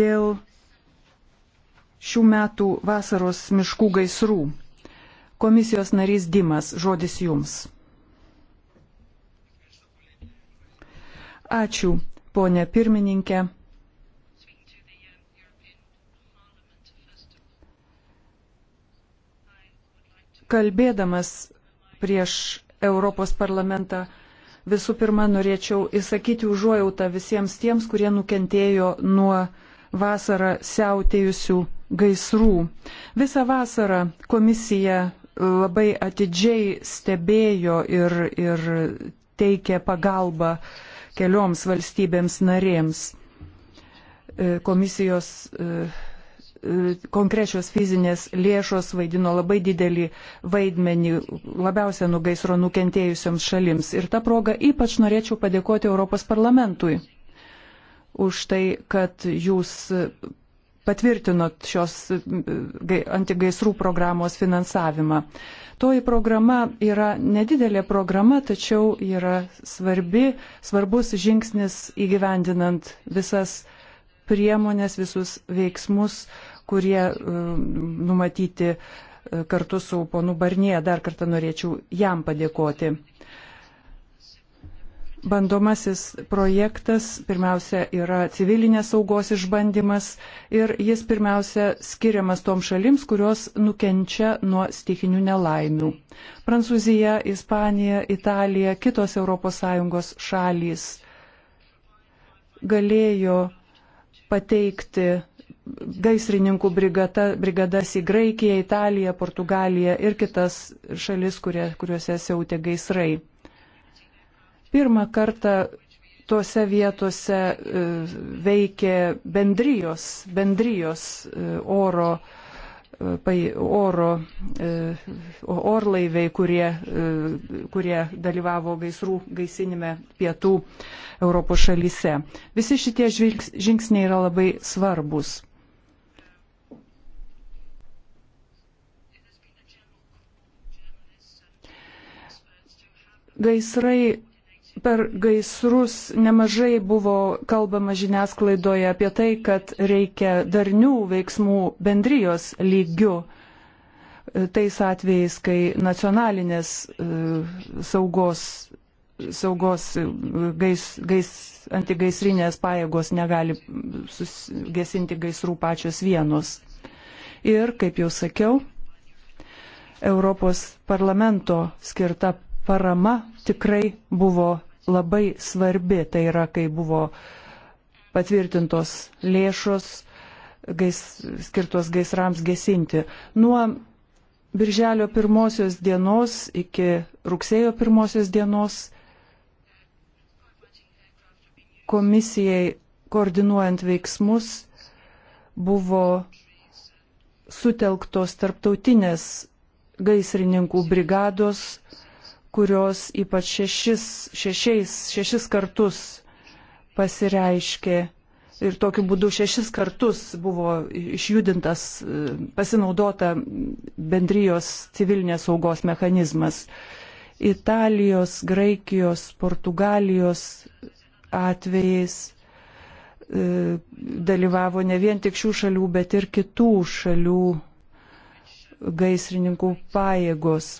dėl šių metų vasaros miškų gaisrų. Komisijos narys Dimas, žodis jums. Ačiū, ponė pirmininkė. Kalbėdamas prieš Europos parlamentą, visų pirma norėčiau įsakyti užuojautą visiems tiems, kurie nukentėjo nuo uh, vasarą siautėjusių gaisrų. Visą vasarą komisija labai atidžiai stebėjo ir, ir teikė pagalbą kelioms valstybėms narėms. E, komisijos e, e, konkrečios fizinės lėšos vaidino labai didelį vaidmenį labiausia nuo gaisro nukentėjusiams šalims. Ir tą progą ypač norėčiau padėkoti Europos parlamentui už tai, kad jūs patvirtinot šios antigaisrų programos finansavimą. Toji programa yra nedidelė programa, tačiau yra svarbi, svarbus žingsnis įgyvendinant visas priemonės, visus veiksmus, kurie um, numatyti uh, kartu su ponu Barnie. Dar kartą norėčiau jam padėkoti bandomasis projektas pirmiausia yra civilinės saugos išbandymas ir jis pirmiausia skiriamas tom šalims, kurios nukenčia nuo stikinių nelaimių. Prancūzija, Ispanija, Italija, kitos ES šalys galėjo pateikti gaisrininkų brigata, brigadas į Graikiją, Italiją, Portugaliją ir kitas šalis, kurie, kuriuose siautė gaisrai. Pirmą kartą tose vietose e, veikė bendrijos, bendrijos e, oro, e, oro orlaiviai, kurie, kurie dalyvavo gaisrų gaisinime pietų Europos šalyse. Visi šitie žingsniai yra labai svarbus. Gaisrai per gaisrus nemažai buvo kalbama žiniasklaidoje apie tai, kad reikia darnių veiksmų bendrijos lygių. E, tais atvejais, kai nacionalinės e, saugos, saugos e, gais, gais, antigaisrinės pajėgos negali gesinti gaisrų pačios vienos. Ir, kaip jau sakiau, Europos parlamento skirta parama tikrai buvo labai svarbi. Tai yra, kai buvo patvirtintos lėšos gais, skirtos gaisrams gesinti. Nuo birželio pirmosios dienos iki rugsėjo pirmosios dienos komisijai koordinuojant veiksmus buvo sutelktos tarptautinės gaisrininkų brigados, kurios ypač šešis, šešiais, šešis kartus pasireiškė ir tokiu būdu šešis kartus buvo išjudintas, e, pasinaudota bendrijos civilinės saugos mechanizmas. Italijos, Graikijos, Portugalijos atvejais e, dalyvavo ne vien tik šių šalių, bet ir kitų šalių gaisrininkų pajėgos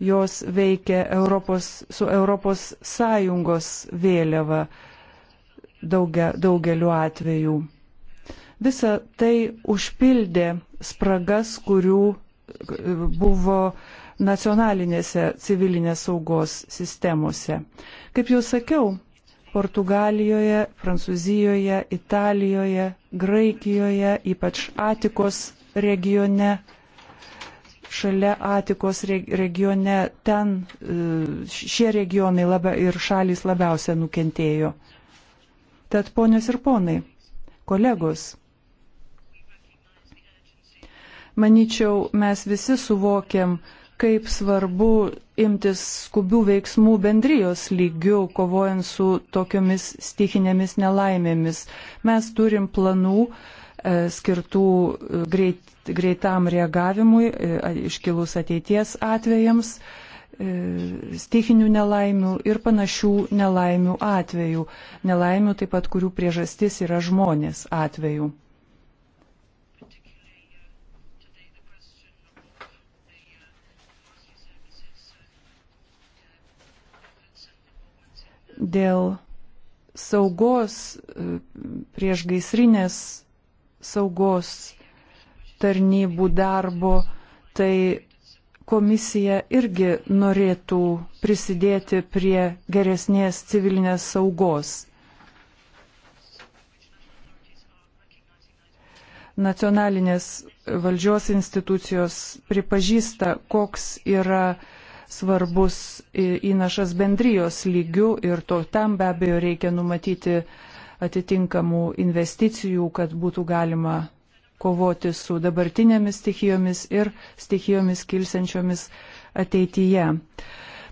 jos veikia Europos, su Europos Sąjungos vėliava daugia, daugeliu atvejų. Visa tai užpildė spragas, kurių buvo nacionalinėse civilinės saugos sistemose. Kaip jau sakiau, Portugalijoje, Prancūzijoje, Italijoje, Graikijoje, ypač Atikos regione šalia Atikos regione, ten e, šie regionai labia, ir šalys labiausia nukentėjo. Tad ponios ir ponai, kolegos, manyčiau, mes visi suvokiam, kaip svarbu imtis skubių veiksmų bendrijos lygių, kovojant su tokiomis stichinėmis nelaimėmis. Mes turim planų, uh, E, skirtų e, greit, greitam reagavimui e, iškilus ateities atvejams, stichinių nelaimių ir panašių nelaimių atvejų. Nelaimių taip pat, kurių priežastis yra žmonės atvejų. Dėl saugos priešgaisrinės saugos tarnybų darbo, tai komisija irgi norėtų prisidėti prie geresnės civilinės saugos. Nacionalinės valdžios institucijos pripažįsta, koks yra svarbus įnašas bendrijos lygių ir to tam be abejo reikia numatyti uh, atitinkamų investicijų, kad būtų galima kovoti su dabartinėmis stichijomis ir stichijomis kilsenčiomis ateityje.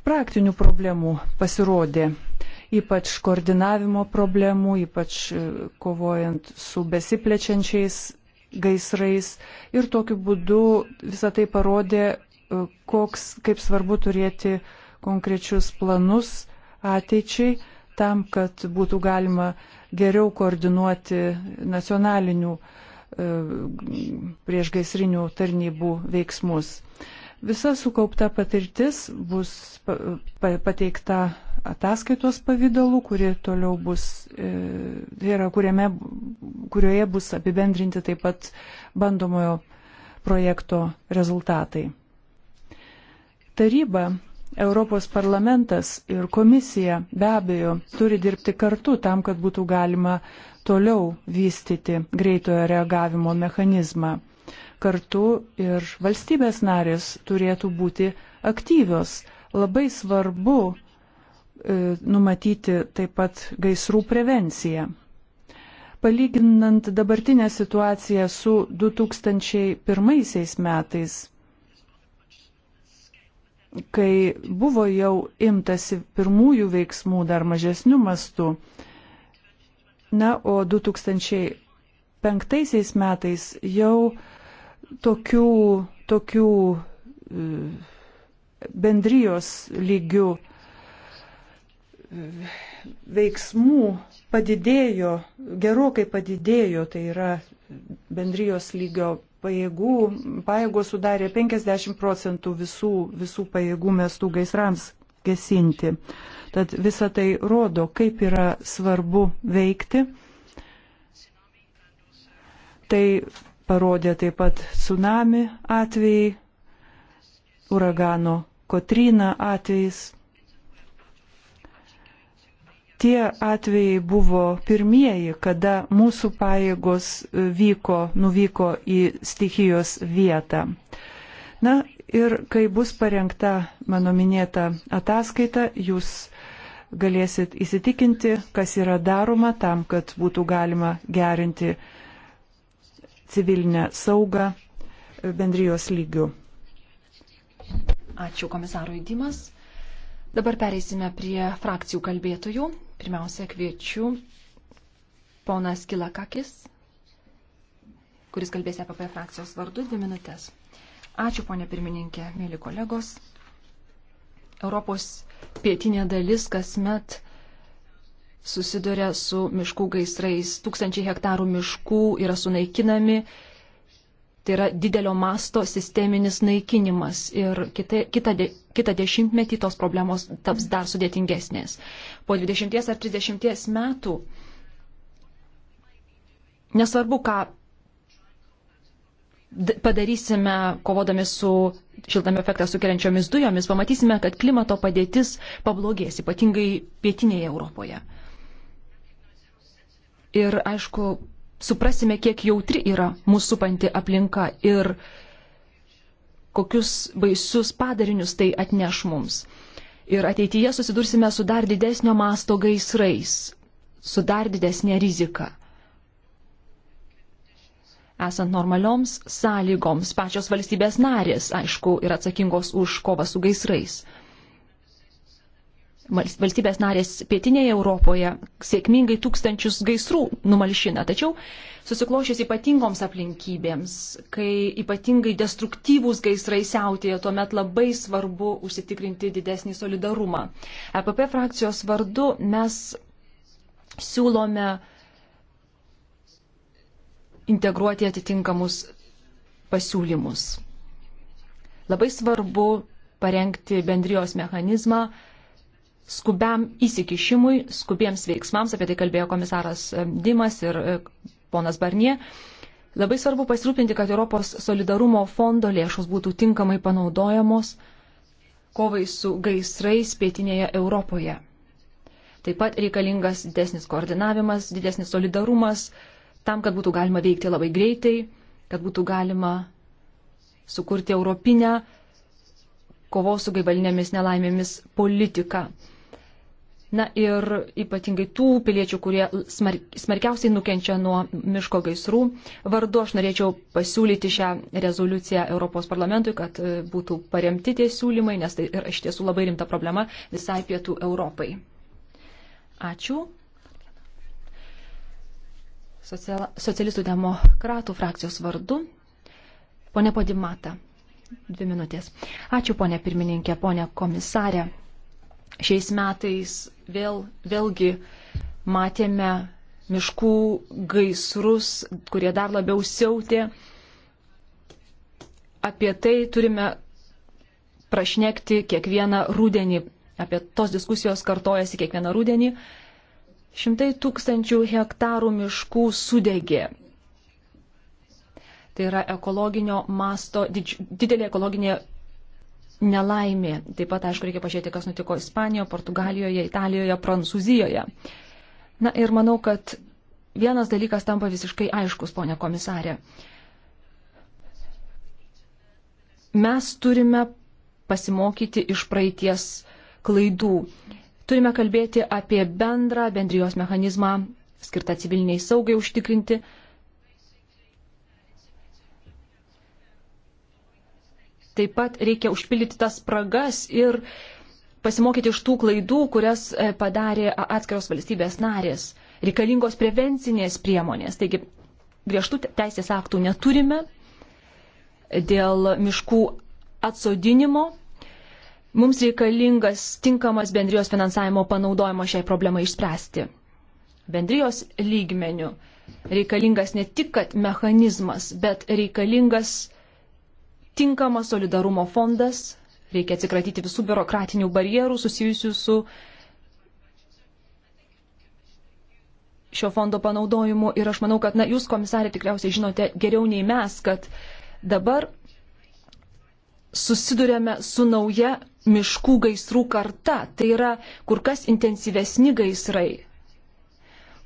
Praktinių problemų pasirodė, ypač koordinavimo problemų, ypač e, kovojant su besiplečiančiais gaisrais ir tokiu būdu visą tai parodė, e, koks, kaip svarbu turėti konkrečius planus ateičiai tam, kad būtų galima geriau koordinuoti nacionalinių e, priešgaisrinių tarnybų veiksmus. Visa sukaupta patirtis bus pateikta ataskaitos pavydalu, kuri toliau bus, e, tai yra, kuriame, kurioje bus apibendrinti taip pat bandomojo projekto rezultatai. Taryba Europos parlamentas ir komisija be abejo turi dirbti kartu tam, kad būtų galima toliau vystyti greitojo reagavimo mechanizmą. Kartu ir valstybės narės turėtų būti aktyvios. Labai svarbu e, numatyti taip pat gaisrų prevenciją palyginant dabartinę situaciją su 2001 metais, kai buvo jau imtasi pirmųjų veiksmų dar mažesnių mastų. Na, o 2005 metais jau tokių, tokių e, bendrijos lygių veiksmų padidėjo, gerokai padidėjo, tai yra bendrijos lygio pajėgų, pajėgos sudarė 50 procentų visų, visų pajėgų mestų gaisrams gesinti. Tad visa tai rodo, kaip yra svarbu veikti. Tai parodė taip pat tsunami atvejai, uragano Kotrina atvejais tie atvejai buvo pirmieji, kada mūsų pajėgos vyko, nuvyko į stichijos vietą. Na ir kai bus parengta mano minėta ataskaita, jūs galėsit įsitikinti, kas yra daroma tam, kad būtų galima gerinti civilinę saugą bendrijos lygių. Ačiū komisarui Dimas. Dabar pereisime prie frakcijų kalbėtojų. Pirmiausia, kviečiu ponas Kilakakis, kuris kalbės apie frakcijos vardu dvi minutės. Ačiū, ponė pirmininkė, mėly kolegos. Europos pietinė dalis kasmet susiduria su miškų gaisrais. Tūkstančiai hektarų miškų yra sunaikinami, Tai yra didelio masto sisteminis naikinimas ir kita, kita, de, kitą dešimtmetį tos problemos taps dar sudėtingesnės. Po 20 ar 30 metų nesvarbu, ką padarysime, kovodami su šiltame efektą sukeliančiomis dujomis, pamatysime, kad klimato padėtis pablogės, ypatingai pietinėje Europoje. Ir aišku, suprasime, kiek jautri yra mūsų panti aplinka ir kokius baisius padarinius tai atneš mums. Ir ateityje susidursime su dar didesnio masto gaisrais, su dar didesnė rizika. Esant normalioms sąlygoms, pačios valstybės narės, aišku, yra atsakingos už kovą su gaisrais valstybės narės pietinėje Europoje sėkmingai tūkstančius gaisrų numalšina. Tačiau susiklošius ypatingoms aplinkybėms, kai ypatingai destruktyvūs gaisrai siautėja, tuomet labai svarbu užsitikrinti didesnį solidarumą. EPP frakcijos vardu mes siūlome integruoti atitinkamus pasiūlymus. Labai svarbu parengti bendrijos mechanizmą, skubiam įsikišimui, skubiems veiksmams, apie tai kalbėjo komisaras e, Dimas ir e, ponas Barnie. Labai svarbu pasirūpinti, kad Europos solidarumo fondo lėšos būtų tinkamai panaudojamos kovai su gaisrais pietinėje Europoje. Taip pat reikalingas didesnis koordinavimas, didesnis solidarumas, tam, kad būtų galima veikti labai greitai, kad būtų galima sukurti europinę kovos su gaivalinėmis nelaimėmis politiką. Na ir ypatingai tų piliečių, kurie smarkiausiai nukenčia nuo miško gaisrų. Vardu aš norėčiau pasiūlyti šią rezoliuciją Europos parlamentui, kad e, būtų paremti tie siūlymai, nes tai yra iš tiesų labai rimta problema visai pietų Europai. Ačiū. Socialistų demokratų frakcijos vardu. Pone Podimata. Dvi minutės. Ačiū, ponė pirmininkė, ponė komisarė. Šiais metais vėl, vėlgi matėme miškų gaisrus, kurie dar labiau siautė. Apie tai turime prašnekti kiekvieną rūdienį. Apie tos diskusijos kartojasi kiekvieną rūdienį. Šimtai tūkstančių hektarų miškų sudegė. Tai yra ekologinio masto, didž, didelė ekologinė nelaimė. Taip pat, aišku, reikia pažiūrėti, kas nutiko Ispanijoje, Portugalijoje, Italijoje, Prancūzijoje. Na ir manau, kad vienas dalykas tampa visiškai aiškus, ponia komisarė. Mes turime pasimokyti iš praeities klaidų. Turime kalbėti apie bendrą bendrijos mechanizmą skirtą civiliniai saugai užtikrinti, Taip pat reikia užpildyti tas spragas ir pasimokyti iš tų klaidų, kurias e, padarė atskiros valstybės narės. Reikalingos prevencinės priemonės. Taigi griežtų teisės aktų neturime dėl miškų atsodinimo. Mums reikalingas tinkamas bendrijos finansavimo panaudojimo šiai problemai išspręsti. Bendrijos lygmenių reikalingas ne tik mechanizmas, bet reikalingas tinkamas solidarumo fondas, reikia atsikratyti visų biurokratinių barjerų susijusių su šio fondo panaudojimu. Ir aš manau, kad na, jūs, komisarė, tikriausiai žinote geriau nei mes, kad dabar susidurėme su nauja miškų gaisrų karta. Tai yra kur kas intensyvesni gaisrai,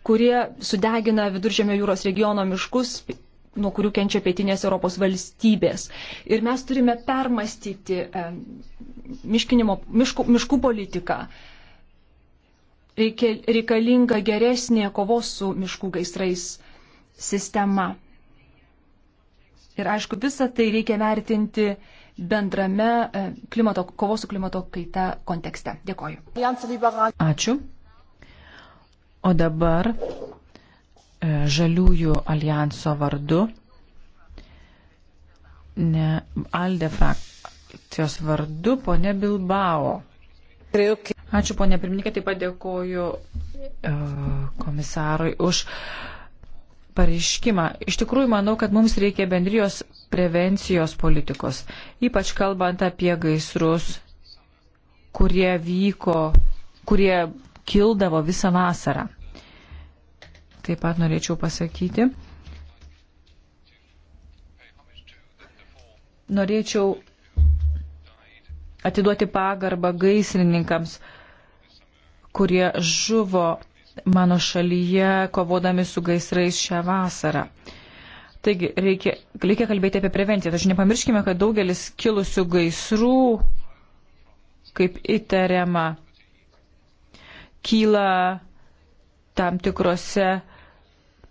kurie sudegina viduržėmio jūros regiono miškus nuo kurių kenčia pietinės Europos valstybės. Ir mes turime permastyti e, miškų, miškų politiką. Reikia, reikalinga geresnė kovos su miškų gaisrais sistema. Ir aišku, visą tai reikia vertinti bendrame e, klimato, kovos su klimato kaita kontekste. Dėkoju. Ačiū. O dabar E, Žaliųjų alijanso vardu, ne Alde frakcijos vardu, ponė Bilbao. Ačiū, ponė pirmininkė, taip pat dėkoju e, komisarui už pareiškimą. Iš tikrųjų, manau, kad mums reikia bendrijos prevencijos politikos, ypač kalbant apie gaisrus, kurie vyko, kurie kildavo visą vasarą taip pat norėčiau pasakyti. Norėčiau atiduoti pagarbą gaisrininkams, kurie žuvo mano šalyje kovodami su gaisrais šią vasarą. Taigi reikia, reikia kalbėti apie prevenciją, tačiau nepamirškime, kad daugelis kilusių gaisrų, kaip įtariama, kyla tam tikrose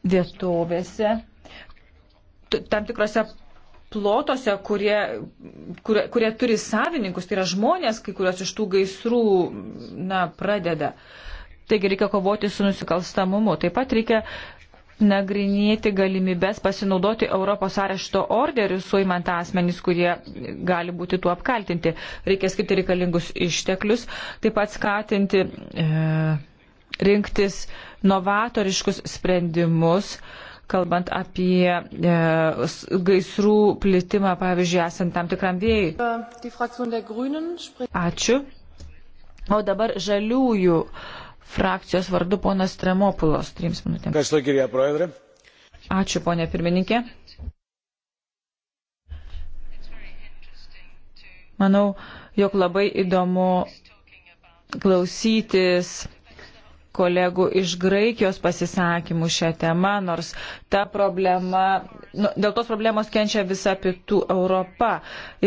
vietovėse, tam tikrose plotose, kurie, kurie, kurie turi savininkus, tai yra žmonės, kai kurios iš tų gaisrų na, pradeda. Taigi reikia kovoti su nusikalstamumu. Taip pat reikia nagrinėti galimybės pasinaudoti Europos arešto orderių suimant asmenys, kurie gali būti tuo apkaltinti. Reikia skirti reikalingus išteklius, taip pat skatinti e, rinktis e, novatoriškus sprendimus, kalbant apie e, gaisrų plitimą, pavyzdžiui, esant tam tikram vėjui. Äh, Ačiū. O dabar žaliųjų frakcijos vardu ponas Tremopulos, trims minutėms. Ačiū, ponė pirmininkė. Manau, jog labai įdomu klausytis kolegų iš Graikijos pasisakymų šią temą, nors ta problema, nu, dėl tos problemos kenčia visa pietų Europa.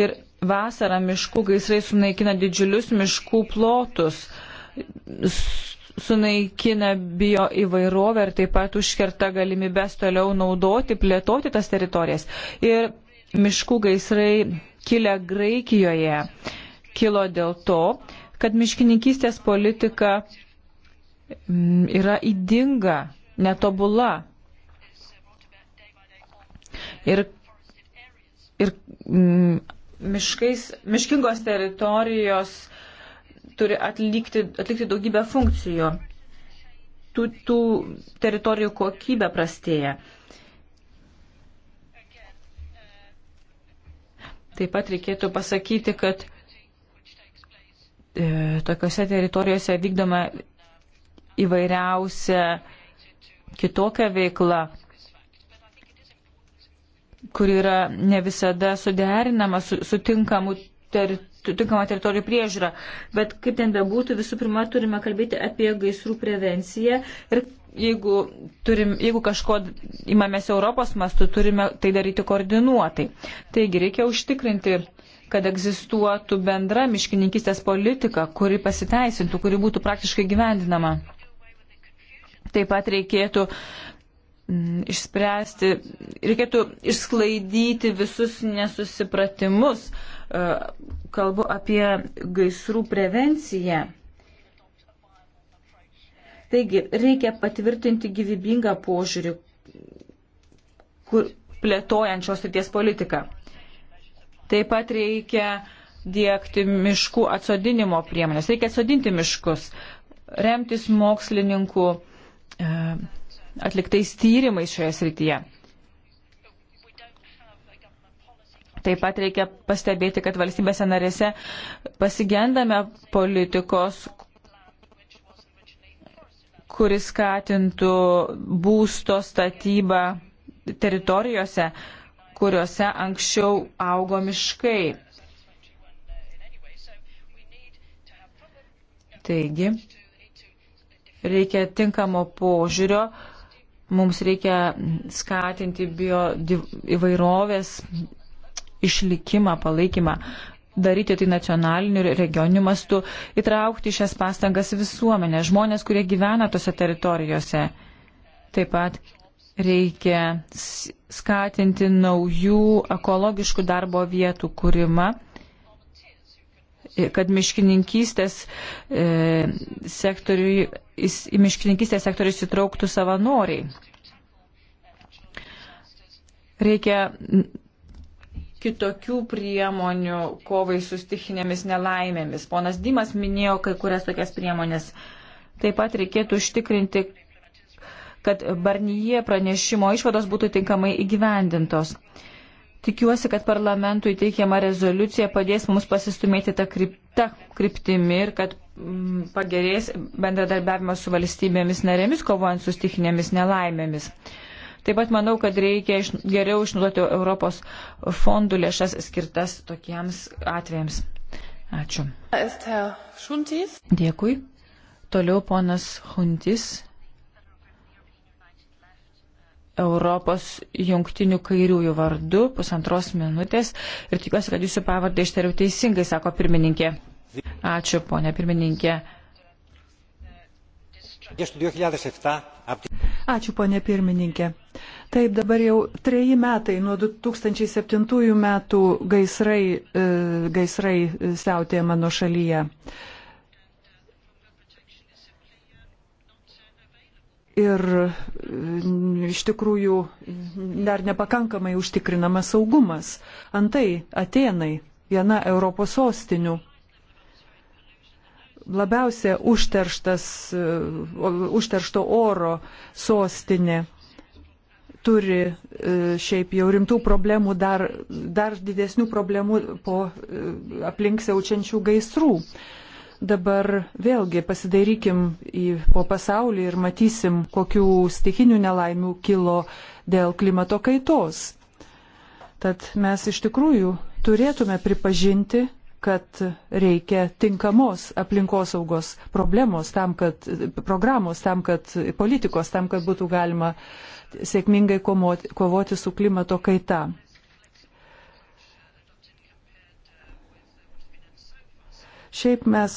Ir vasarą miškų gaisrai sunaikina didžiulius miškų plotus sunaikina bio įvairovę ir taip pat užkerta galimybės toliau naudoti, plėtoti tas teritorijas. Ir miškų gaisrai kilę Graikijoje kilo dėl to, kad miškininkystės politika yra įdinga, netobula. Ir, ir miškais, miškingos teritorijos turi atlikti, atlikti daugybę funkcijų. Tų, tų teritorijų kokybė prastėja. Taip pat reikėtų pasakyti, kad e, tokiuose teritorijuose vykdoma įvairiausia kitokia veikla, kur yra ne visada suderinama su, su tinkamu ter, tinkama teritorijų priežiūra. Bet kaip ten bebūtų, visų pirma, turime kalbėti apie gaisrų prevenciją ir jeigu, turim, jeigu kažko imamės Europos mastu, turime tai daryti koordinuotai. Taigi reikia užtikrinti kad egzistuotų bendra miškininkistės politika, kuri pasiteisintų, kuri būtų praktiškai gyvendinama. Taip pat reikėtų mm, išspręsti, reikėtų išsklaidyti visus nesusipratimus. E, kalbu apie gaisrų prevenciją. Taigi, reikia patvirtinti gyvybingą požiūrį, kur plėtojančios ryties politiką. Taip pat reikia dėkti miškų atsodinimo priemonės. Reikia atsodinti miškus, remtis mokslininkų E, atliktais tyrimais šioje srityje. Taip pat reikia pastebėti, kad valstybėse narėse pasigendame politikos, kuris skatintų būsto statybą teritorijose, kuriuose anksčiau augo miškai. Taigi, reikia tinkamo požiūrio, mums reikia skatinti bio įvairovės išlikimą, palaikymą, daryti tai nacionaliniu ir regioniniu mastu, įtraukti šias pastangas visuomenę, žmonės, kurie gyvena tose teritorijose. Taip pat reikia skatinti naujų ekologiškų darbo vietų kūrimą kad miškininkystės e, sektoriui, į miškininkystės sektorių įsitrauktų savanoriai. Reikia kitokių priemonių kovai su stichinėmis nelaimėmis. Ponas Dimas minėjo kai kurias tokias priemonės. Taip pat reikėtų užtikrinti, kad Barnyje pranešimo išvados būtų tinkamai įgyvendintos. E, Tikiuosi, kad parlamentui teikiama rezoliucija padės mums pasistumėti tą, kryp, tą kryptimį ir kad m, mm, pagerės bendradarbiavimas su valstybėmis narėmis, kovojant su stichinėmis nelaimėmis. Taip pat manau, kad reikia iš, geriau išnaudoti Europos fondų lėšas skirtas tokiems atvejams. Ačiū. Dėkui. Toliau ponas Huntis Europos jungtinių kairiųjų vardu pusantros minutės ir tikiuosi, kad jūsų pavardę ištariau teisingai, sako pirmininkė. Ačiū, ponė pirmininkė. Ačiū, ponė pirmininkė. Taip, dabar jau treji metai nuo 2007 metų gaisrai, e, gaisrai siautėja mano šalyje. ir e, iš tikrųjų dar nepakankamai užtikrinamas saugumas. Antai Atenai, viena Europos sostinių, labiausia e, užteršto oro sostinė turi e, šiaip jau rimtų problemų, dar, dar didesnių problemų po aplink siaučiančių gaisrų. Dabar vėlgi pasidairykim į, po pasaulį ir matysim, kokių stikinių nelaimių kilo dėl klimato kaitos. Tad mes iš tikrųjų turėtume pripažinti, kad reikia tinkamos aplinkosaugos problemos tam, kad, programos tam, kad politikos tam, kad būtų galima sėkmingai komoti, kovoti su klimato kaita. Šiaip mes,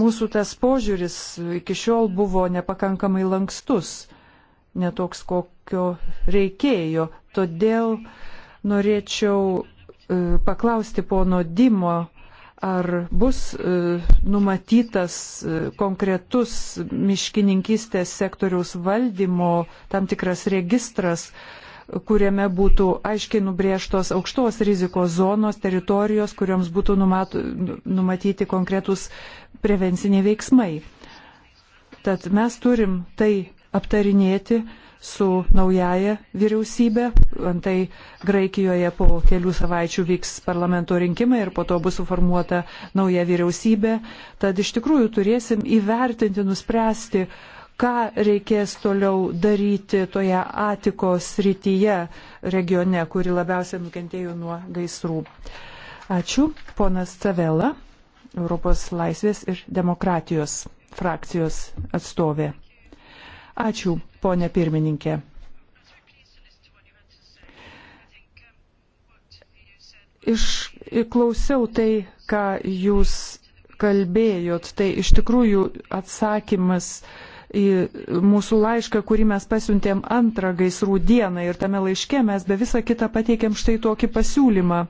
mūsų tas požiūris iki šiol buvo nepakankamai lankstus, netoks kokio reikėjo. Todėl norėčiau e, paklausti pono Dimo, ar bus e, numatytas e, konkretus miškininkystės sektoriaus valdymo tam tikras registras, kuriame būtų aiškiai nubrėžtos aukštos rizikos zonos, teritorijos, kuriams būtų numato, numatyti konkretus prevenciniai veiksmai. Tad mes turim tai aptarinėti su naujaja vyriausybė. Antai Graikijoje po kelių savaičių vyks parlamento rinkimai ir po to bus suformuota nauja vyriausybė. Tad iš tikrųjų turėsim įvertinti, nuspręsti, uh, ką reikės toliau daryti toje Atikos rytyje regione, kuri labiausiai nukentėjo nuo gaisrų. Ačiū, ponas Cavela, Europos laisvės ir demokratijos frakcijos atstovė. Ačiū, ponė pirmininkė. Išklausiau tai, ką jūs kalbėjot, tai iš tikrųjų atsakymas uh, mūsų laišką, kurį mes pasiuntėm antrą gaisrų dieną ir tame laiške mes be visą kitą pateikėm štai tokį pasiūlymą.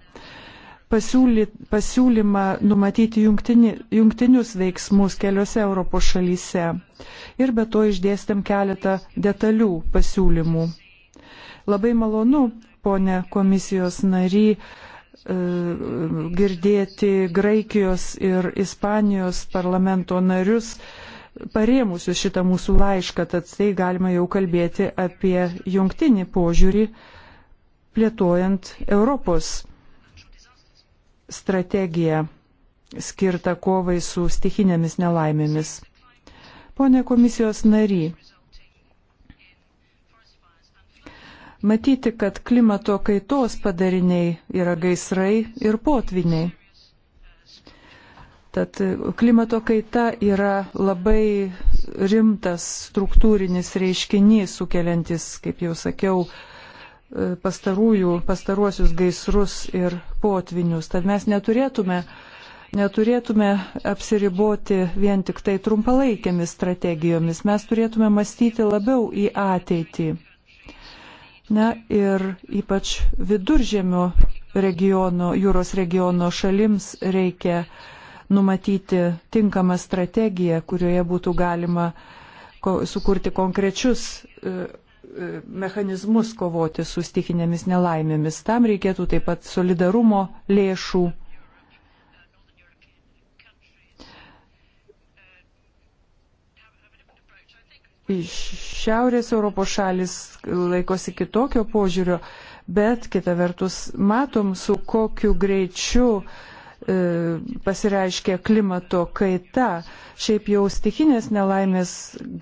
Pasiūly, pasiūlymą numatyti jungtini, jungtinius veiksmus keliose Europos šalyse. Ir be to išdėstėm keletą detalių pasiūlymų. Labai malonu, ponė komisijos nary, e, girdėti Graikijos ir Ispanijos parlamento narius parėmusių šitą mūsų laišką, tad tai galima jau kalbėti apie jungtinį požiūrį plėtojant Europos strategiją skirtą kovai su stichinėmis nelaimėmis. Pone komisijos nary, matyti, kad klimato kaitos padariniai yra gaisrai ir potviniai. Tad klimato kaita yra labai rimtas struktūrinis reiškinys, sukeliantis, kaip jau sakiau, e, pastarųjų, pastaruosius gaisrus ir potvinius. Tad mes neturėtume, neturėtume apsiriboti vien tik tai trumpalaikėmis strategijomis. Mes turėtume mąstyti labiau į ateitį. Na ir ypač viduržėmio regiono, jūros regiono šalims reikia uh, numatyti tinkamą strategiją, kurioje būtų galima sukurti konkrečius e, e, mechanizmus kovoti su stikinėmis nelaimėmis. Tam reikėtų taip pat solidarumo lėšų. Iš šiaurės Europos šalis laikosi kitokio požiūrio, bet kita vertus matom, su kokiu greičiu uh, E, pasireiškia klimato kaita. Šiaip jau stikinės nelaimės,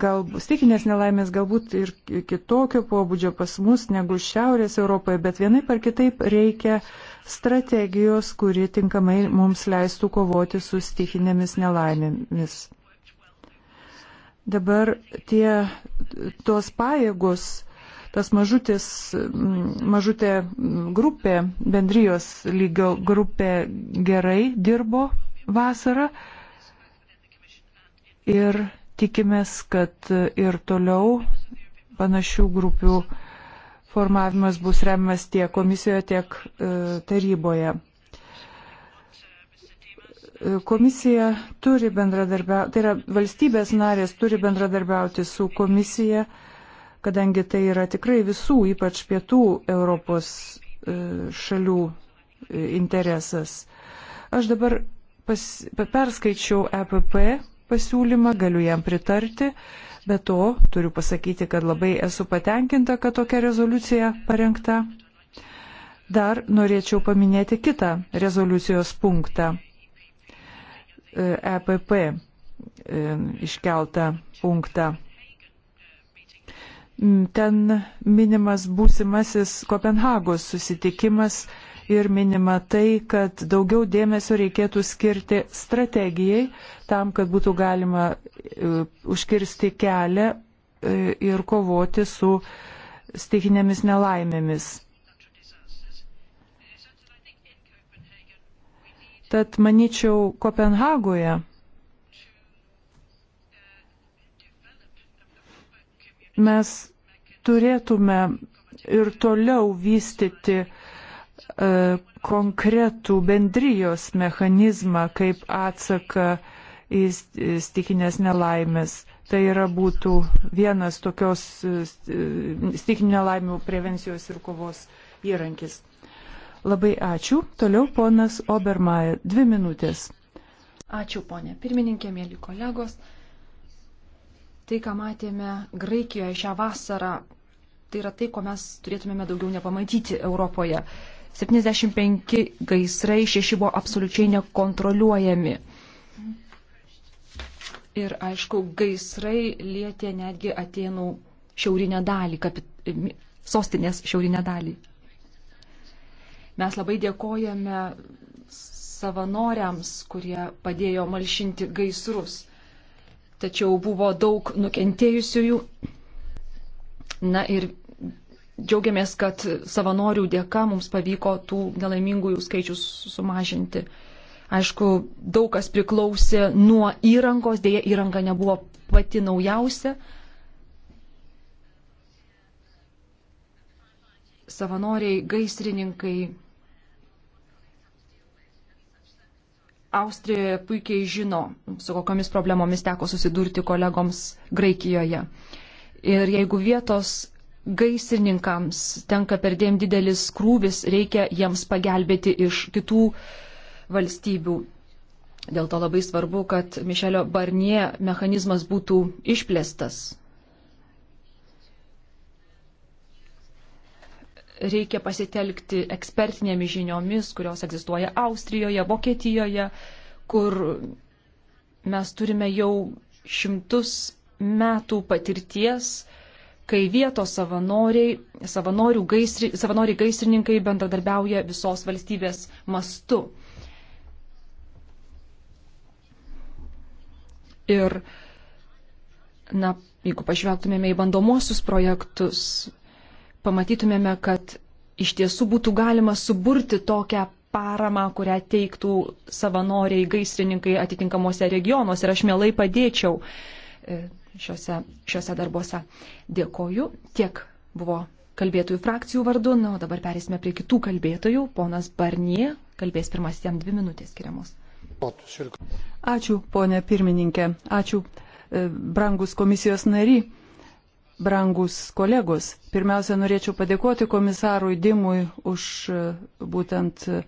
gal, stikinės nelaimės galbūt ir kitokio pobūdžio pas mus negu Šiaurės Europoje, bet vienaip ar kitaip reikia strategijos, kuri tinkamai mums leistų kovoti su stikinėmis nelaimėmis. Dabar tie tos pajėgos tas mažutis, mm, mažutė mm, grupė, bendrijos lygio grupė gerai dirbo vasarą ir tikimės, kad ir toliau panašių grupių formavimas bus remiamas tiek komisijoje, tiek e, taryboje komisija turi bendradarbiauti, tai yra valstybės narės turi bendradarbiauti su komisija kadangi tai yra tikrai visų, ypač pietų Europos e, šalių e, interesas. Aš dabar pas, perskaičiau EPP pasiūlymą, galiu jam pritarti, bet to turiu pasakyti, kad labai esu patenkinta, kad tokia rezoliucija parengta. Dar norėčiau paminėti kitą rezoliucijos punktą EPP e iškeltą punktą Mm, ten minimas būsimasis Kopenhagos susitikimas ir minima tai, kad daugiau dėmesio reikėtų skirti strategijai tam, kad būtų galima e, užkirsti kelią e, ir kovoti su stikinėmis nelaimėmis. Tad manyčiau, Kopenhagoje mes turėtume ir toliau vystyti e, konkretų bendrijos mechanizmą kaip atsaką į stikinės nelaimės. Tai yra būtų vienas tokios e, stikinių nelaimių prevencijos ir kovos įrankis. Labai ačiū. Toliau ponas Obermaja. Dvi minutės. Ačiū, ponė pirmininkė, mėly kolegos. Tai, ką matėme Graikijoje šią vasarą, tai yra tai, ko mes turėtumėme daugiau nepamatyti Europoje. 75 gaisrai, 6 buvo absoliučiai nekontroliuojami. Ir aišku, gaisrai lietė netgi Atenų šiaurinę dalį, kapit... sostinės šiaurinę dalį. Mes labai dėkojame savanoriams, kurie padėjo malšinti gaisrus tačiau buvo daug nukentėjusiųjų. Na ir džiaugiamės, kad savanorių dėka mums pavyko tų nelaimingųjų skaičius sumažinti. Aišku, daug kas priklausė nuo įrangos, dėja įranga nebuvo pati naujausia. Savanoriai, gaisrininkai Austrijoje puikiai žino, su kokiamis problemomis teko susidurti kolegoms Graikijoje. Ir jeigu vietos gaisrininkams tenka perdėm didelis krūvis, reikia jiems pagelbėti iš kitų valstybių. Dėl to labai svarbu, kad Mišelio Barnie mechanizmas būtų išplėstas. reikia pasitelkti ekspertinėmis žiniomis, kurios egzistuoja Austrijoje, Vokietijoje, kur mes turime jau šimtus metų patirties, kai vietos savanoriai, gaisri, savanoriai gaisrininkai bendradarbiauja visos valstybės mastu. Ir, na, jeigu pažvelgtumėme į bandomuosius projektus, pamatytumėme, kad iš tiesų būtų galima suburti tokią paramą, kurią teiktų savanoriai, gaisrininkai atitinkamuose regionuose ir aš mielai padėčiau e, šiuose, šiuose darbuose. Dėkoju. Tiek buvo kalbėtojų frakcijų vardu, na, o dabar perėsime prie kitų kalbėtojų. Ponas Barnie kalbės pirmas jam dvi minutės skiriamos. Ačiū, ponė pirmininkė. Ačiū, e, brangus komisijos nariai brangus kolegos. Pirmiausia, norėčiau padėkoti komisarui Dimui už e, būtent e,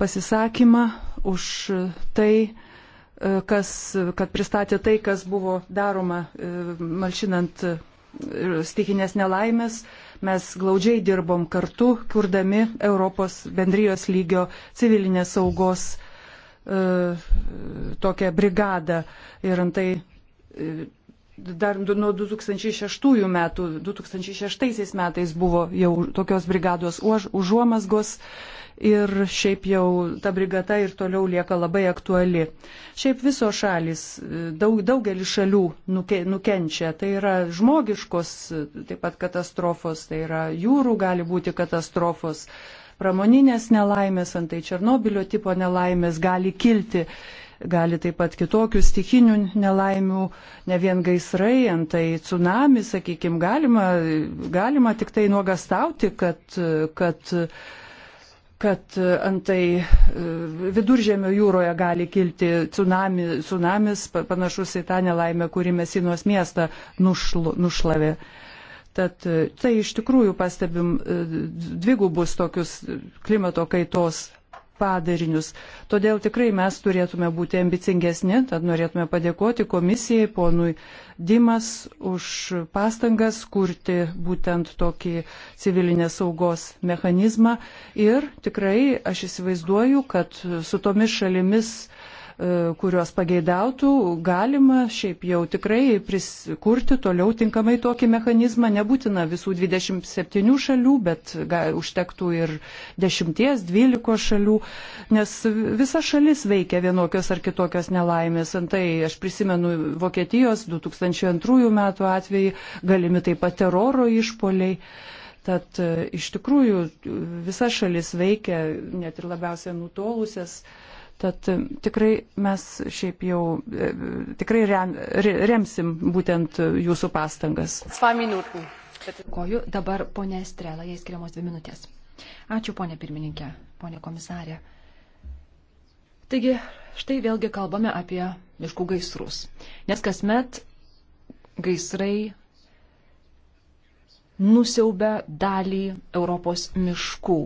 pasisakymą, už tai, e, kas, kad pristatė tai, kas buvo daroma malšinant stikinės nelaimės. Mes glaudžiai dirbom kartu, kurdami Europos bendrijos lygio civilinės saugos tokią brigadą ir antai dar nuo 2006 metų, 2006 metais buvo jau tokios brigados užuomasgos ir šiaip jau ta brigada ir toliau lieka labai aktuali. Šiaip visos šalis, daug, daugelis šalių nuke, nukenčia, tai yra žmogiškos taip pat katastrofos, tai yra jūrų gali būti katastrofos, pramoninės nelaimės, antai Černobilio tipo nelaimės gali kilti gali taip pat kitokių stikinių nelaimių, ne vien gaisrai, antai tsunami, sakykime, galima, galima tik tai nuogastauti, kad, kad kad antai e, viduržėmio jūroje gali kilti tsunami, tsunamis, panašus į tą nelaimę, kuri Mesinos miestą nušlu, nušlavė. Tad e, tai iš tikrųjų pastebim e, dvigubus tokius klimato kaitos padarinius. Todėl tikrai mes turėtume būti ambicingesni, tad norėtume padėkoti komisijai, ponui Dimas, už pastangas kurti būtent tokį civilinės saugos mechanizmą. Ir tikrai aš įsivaizduoju, kad su tomis šalimis, uh, E, kurios pageidautų, galima šiaip jau tikrai priskurti toliau tinkamai tokį mechanizmą. Nebūtina visų 27 šalių, bet ga, užtektų ir 10-12 šalių, nes visa šalis veikia vienokios ar kitokios nelaimės. Antai aš prisimenu Vokietijos 2002 metų atvejį, galimi taip pat teroro išpoliai. Tad e, iš tikrųjų visa šalis veikia, net ir labiausiai nutolusias Tad e, tikrai mes šiaip jau e, tikrai rem, remsim būtent jūsų pastangas. Koju dabar ponė Strela, jai skiriamos dvi minutės. Ačiū ponė pirmininkė, ponė komisarė. Taigi, štai vėlgi kalbame apie miškų gaisrus. Nes kasmet gaisrai nusiaubia dalį Europos miškų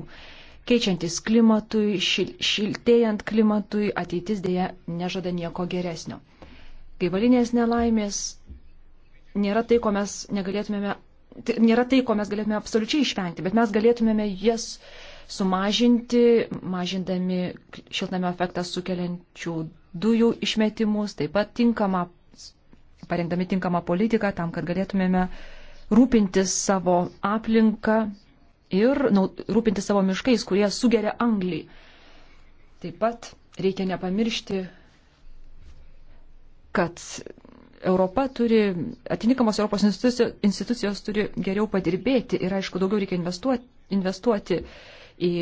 keičiantis klimatui, šil, šiltėjant klimatui, ateitis dėja nežada nieko geresnio. Gaivalinės nelaimės nėra tai, ko mes negalėtumėme, tai nėra tai, ko mes galėtume absoliučiai išvengti, bet mes galėtumėme jas sumažinti, mažindami šiltnamio efektą sukeliančių dujų išmetimus, taip pat tinkamą, parengdami tinkamą politiką tam, kad galėtumėme rūpintis savo aplinką, ir nu, rūpinti savo miškais, kurie sugeria anglį. Taip pat reikia nepamiršti, kad Europa turi, atitinkamos Europos institucijos, institucijos turi geriau padirbėti ir, aišku, daugiau reikia investuoti, investuoti į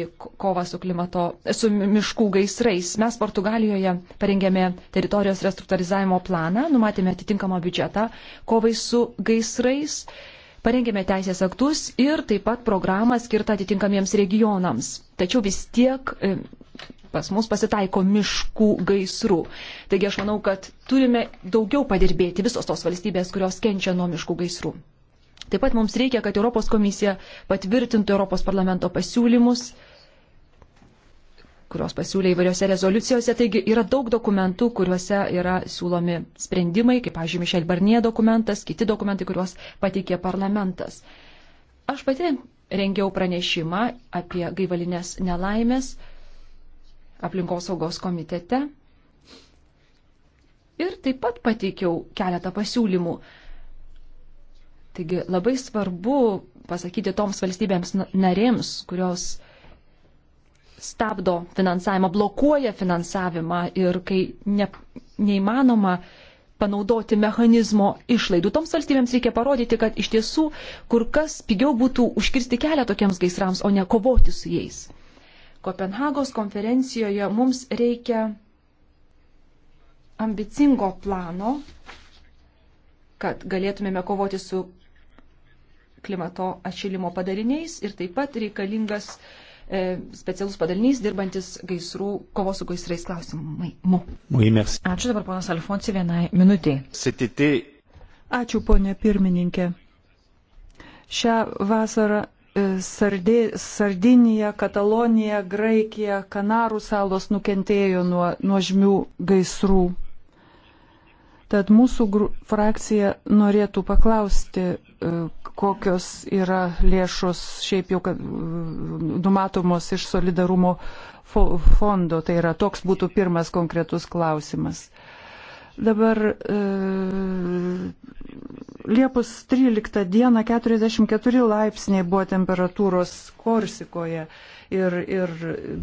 kovą su, klimato, su miškų gaisrais. Mes Portugalijoje parengėme teritorijos restruktūrizavimo planą, numatėme atitinkamą biudžetą kovai su gaisrais Parengėme teisės aktus ir taip pat programą skirtą atitinkamiems regionams. Tačiau vis tiek e, pas mus pasitaiko miškų gaisrų. Taigi aš manau, kad turime daugiau padirbėti visos tos valstybės, kurios kenčia nuo miškų gaisrų. Taip pat mums reikia, kad Europos komisija patvirtintų Europos parlamento pasiūlymus kurios pasiūlė įvairiose rezoliucijose. Taigi yra daug dokumentų, kuriuose yra siūlomi sprendimai, kaip, pavyzdžiui, Mišel Barnie dokumentas, kiti dokumentai, kuriuos pateikė parlamentas. Aš pati rengiau pranešimą apie gaivalinės nelaimės aplinkosaugos komitete ir taip pat pateikiau keletą pasiūlymų. Taigi labai svarbu pasakyti toms valstybėms narėms, kurios stabdo finansavimą, blokuoja finansavimą ir kai ne, neįmanoma panaudoti mechanizmo išlaidų. Toms valstybėms reikia parodyti, kad iš tiesų kur kas pigiau būtų užkirsti kelią tokiems gaisrams, o ne kovoti su jais. Kopenhagos konferencijoje mums reikia ambicingo plano, kad galėtumėme kovoti su klimato atšilimo padariniais ir taip pat reikalingas uh, E, specialus padalinys dirbantis gaisrų, kovos su gaisrais klausimai. Mu. Ačiū dabar ponas Alfonsi vienai minutiai. Sititi. Ačiū ponė pirmininkė. Šią vasarą e, Sardė, Sardinija, Katalonija, Graikija, Kanarų salos nukentėjo nuo nuožmių gaisrų Tad mūsų frakcija norėtų paklausti, e, kokios yra lėšos šiaip jau e, numatomos iš solidarumo fondo. Tai yra toks būtų pirmas konkretus klausimas. Dabar e, Liepos 13 dieną 44 laipsniai buvo temperatūros Korsikoje ir, ir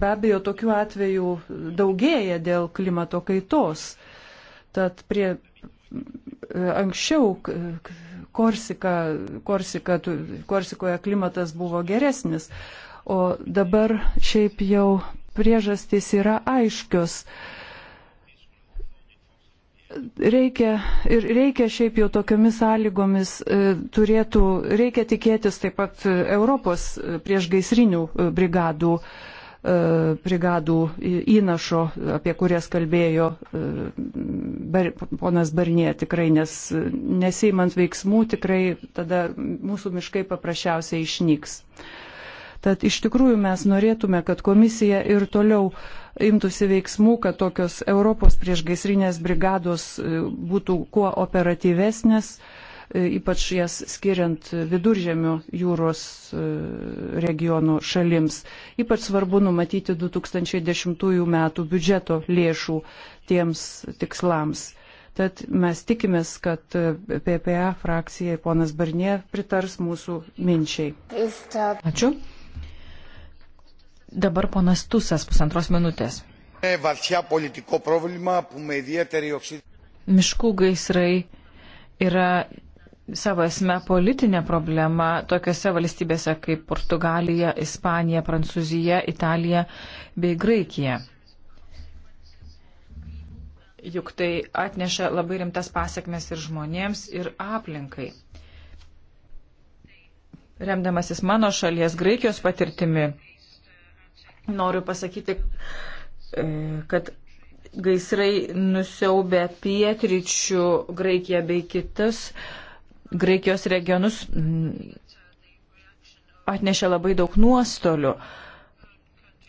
be abejo tokių atvejų daugėja dėl klimato kaitos. Tad prie anksčiau Korsika, Korsika, Korsikoje klimatas buvo geresnis, o dabar šiaip jau priežastys yra aiškios. Reikia ir reikia šiaip jau tokiomis sąlygomis e, turėtų, reikia tikėtis taip pat Europos e, priešgaisrinių e, brigadų E, brigadų įnašo, apie kurias kalbėjo e, bar, ponas Barnė, tikrai, nes nesimant veiksmų, tikrai tada mūsų miškai paprasčiausiai išnyks. Tad iš tikrųjų mes norėtume, kad komisija ir toliau imtųsi veiksmų, kad tokios Europos priešgaisrinės brigados e, būtų kuo operatyvesnės, uh, E, ypač jas skiriant viduržėmio jūros e, regionų šalims. Ypač svarbu numatyti 2010 m. biudžeto lėšų tiems tikslams. Tad mes tikimės, kad e, PPA frakcija ir ponas Barnie pritars mūsų minčiai. Ačiū. Dabar ponas Tusas pusantros minutės. Miškų gaisrai yra savo esme politinė problema tokiuose valstybėse kaip Portugalija, Ispanija, Prancūzija, Italija bei Graikija. Juk tai atneša labai rimtas pasiekmes ir žmonėms, ir aplinkai. Remdamasis mano šalies Graikijos patirtimi, noriu pasakyti, e, kad gaisrai nusiaubė pietryčių Graikiją bei kitas uh, Graikijos regionus atnešė labai daug nuostolių.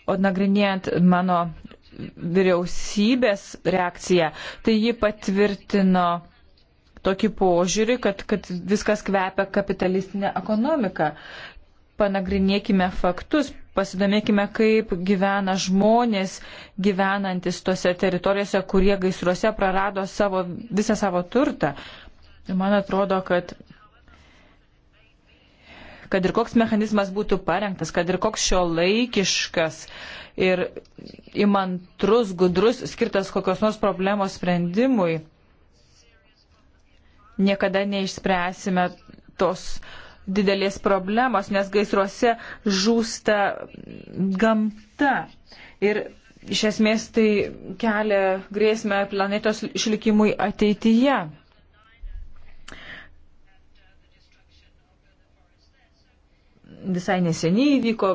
O nagrinėjant mano vyriausybės reakciją, tai ji patvirtino tokį požiūrį, kad, kad viskas kvepia kapitalistinę ekonomiką. Panagrinėkime faktus, pasidomėkime, kaip gyvena žmonės gyvenantis tose teritorijose, kurie gaisruose prarado savo, visą savo turtą. Uh, Man atrodo, kad kad ir koks mechanizmas būtų parengtas, kad ir koks šio laikiškas ir įmantrus, gudrus, skirtas kokios nors problemos sprendimui, niekada neišspręsime tos didelės problemos, nes gaisruose žūsta gamta. Ir iš esmės tai kelia grėsmę planetos išlikimui ateityje. visai neseniai įvyko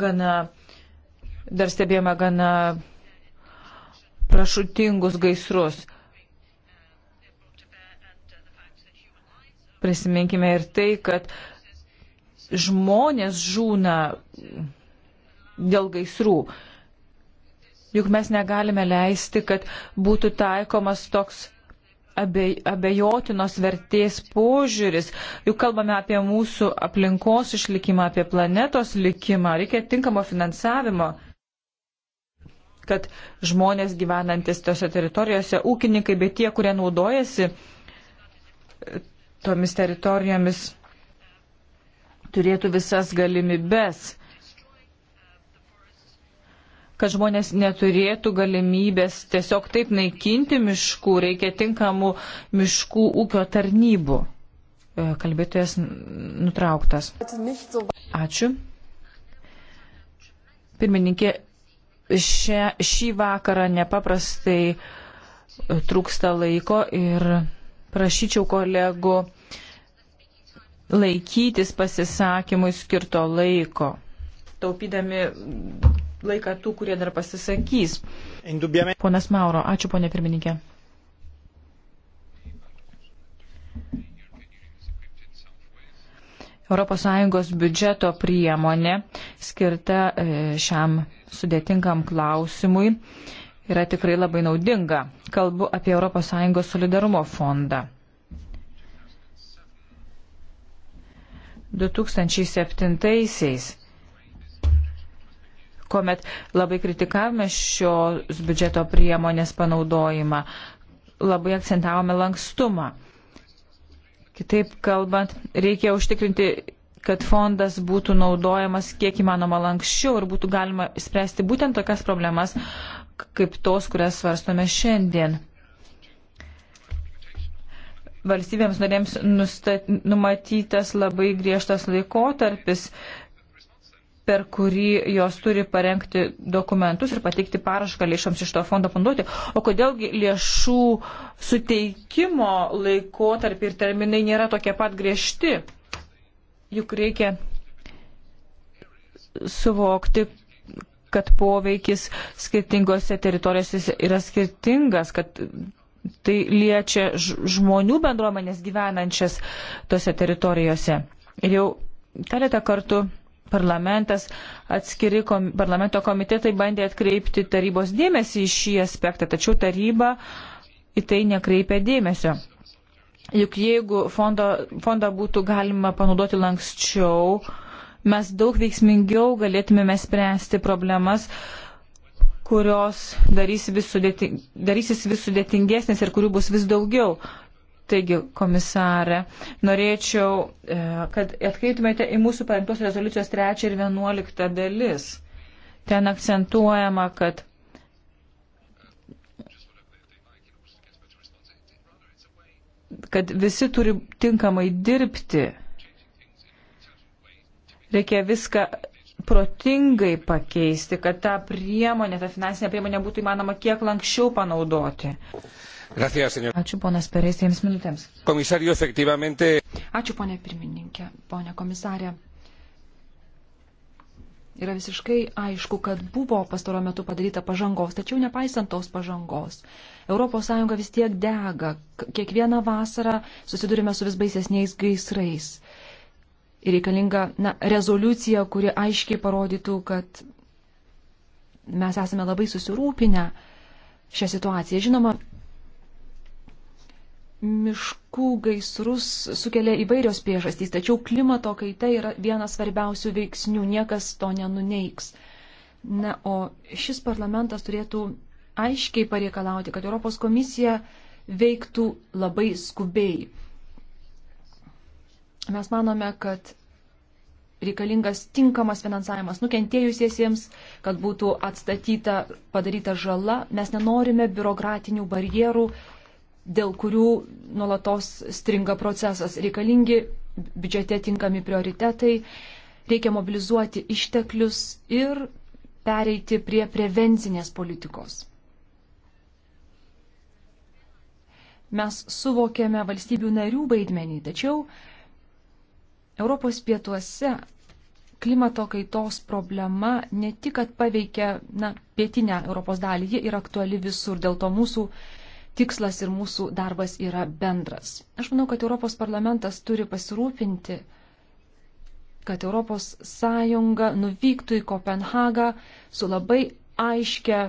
gana, dar stebėjome gana prašutingus gaisrus. Prisiminkime ir tai, kad žmonės žūna dėl gaisrų. Juk mes negalime leisti, kad būtų taikomas toks abejotinos vertės požiūris. Juk kalbame apie mūsų aplinkos išlikimą, apie planetos likimą. Reikia tinkamo finansavimo, kad žmonės gyvenantis tose teritorijose, ūkininkai, bet tie, kurie naudojasi e, tomis teritorijomis, turėtų visas galimybes kad žmonės neturėtų galimybės tiesiog taip naikinti miškų, reikia tinkamų miškų ūkio tarnybų. E, kalbėtojas nutrauktas. Ačiū. Pirmininkė, šią, šį vakarą nepaprastai e, trūksta laiko ir prašyčiau kolegų laikytis pasisakymui skirto laiko, taupydami laiką tų, kurie dar pasisakys. Ponas Mauro, ačiū ponė pirmininkė. ES biudžeto priemonė skirta e, šiam sudėtingam klausimui yra tikrai labai naudinga. Kalbu apie ES solidarumo fondą. 2007 kuomet labai kritikavome šios biudžeto priemonės panaudojimą, labai akcentavome lankstumą. Kitaip kalbant, reikia užtikrinti, kad fondas būtų naudojamas kiek įmanoma lankščiau ir būtų galima spręsti būtent tokias problemas, kaip tos, kurias svarstome šiandien. Valstybėms norėms numatytas labai griežtas laikotarpis per kurį jos turi parengti dokumentus ir pateikti parašką lėšams iš to fondo panduoti. O kodėlgi lėšų suteikimo laikotarpį ir terminai nėra tokie pat griežti? Juk reikia suvokti, kad poveikis skirtingose teritorijose yra skirtingas, kad tai liečia žmonių bendruomenės gyvenančias tose teritorijose. Ir jau keletą kartų parlamentas, atskiri kom, parlamento komitetai bandė atkreipti tarybos dėmesį į šį aspektą, tačiau taryba į tai nekreipė dėmesio. Juk jeigu fondo, fondą būtų galima panaudoti lankščiau, mes daug veiksmingiau galėtumėme spręsti problemas, kurios darys vis sudėting, darysis vis sudėtingesnės ir kurių bus vis daugiau. Taigi, komisarė, norėčiau, e, kad atkreiptumėte į mūsų parengtos rezoliucijos 3 ir 11 dalis. Ten akcentuojama, kad kad visi turi tinkamai dirbti. Reikia viską protingai pakeisti, kad tą priemonę, tą finansinę priemonę būtų įmanoma kiek lankščiau panaudoti. Uh, Gracias, señor. Ačiū, ponas Perės, jiems minutėms. Komisario, efektyvamente. Ačiū, ponė pirmininkė, ponė komisarė. Yra visiškai aišku, kad buvo pastaro metu padaryta pažangos, tačiau nepaisant tos pažangos, ES vis tiek dega. Kiekvieną vasarą susidurime su vis baisesniais gaisrais. Ir reikalinga na, rezoliucija, kuri aiškiai parodytų, kad mes esame labai susirūpinę šią situaciją. Žinoma, miškų gaisrus sukelia įvairios priežastys, tačiau klimato kaita yra vienas svarbiausių veiksnių, niekas to nenuneiks. Na, o šis parlamentas turėtų aiškiai pareikalauti, kad Europos komisija veiktų labai skubiai. Mes manome, kad reikalingas tinkamas finansavimas nukentėjusiesiems, kad būtų atstatyta padaryta žala. Mes nenorime biurokratinių barjerų dėl kurių nuolatos stringa procesas. Reikalingi biudžete tinkami prioritetai, reikia mobilizuoti išteklius ir pereiti prie prevencinės politikos. Mes suvokėme valstybių narių vaidmenį, tačiau Europos pietuose klimato kaitos problema ne tik, kad paveikia na, pietinę Europos dalį, ji yra aktuali visur, dėl to mūsų uh, tikslas ir mūsų darbas yra bendras. Aš manau, kad Europos parlamentas turi pasirūpinti, kad Europos Sąjunga nuvyktų į Kopenhagą su labai aiškia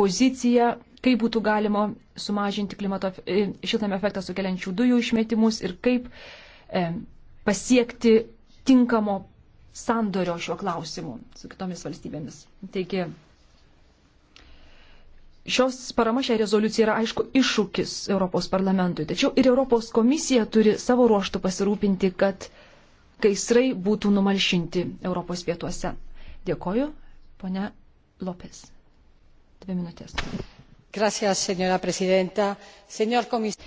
pozicija, kaip būtų galima sumažinti klimato e, šiltame efektą sukeliančių dujų išmetimus ir kaip e, pasiekti tinkamo sandorio šiuo klausimu su kitomis valstybėmis. Taigi, Šios parama šiai rezoliucijai yra aišku iššūkis Europos parlamentui, tačiau ir Europos komisija turi savo ruoštų pasirūpinti, kad gaisrai būtų numalšinti Europos pietuose. Dėkoju, ponia Lopes. Dvi minutės. Gracias, senora prezidenta. Senor komis...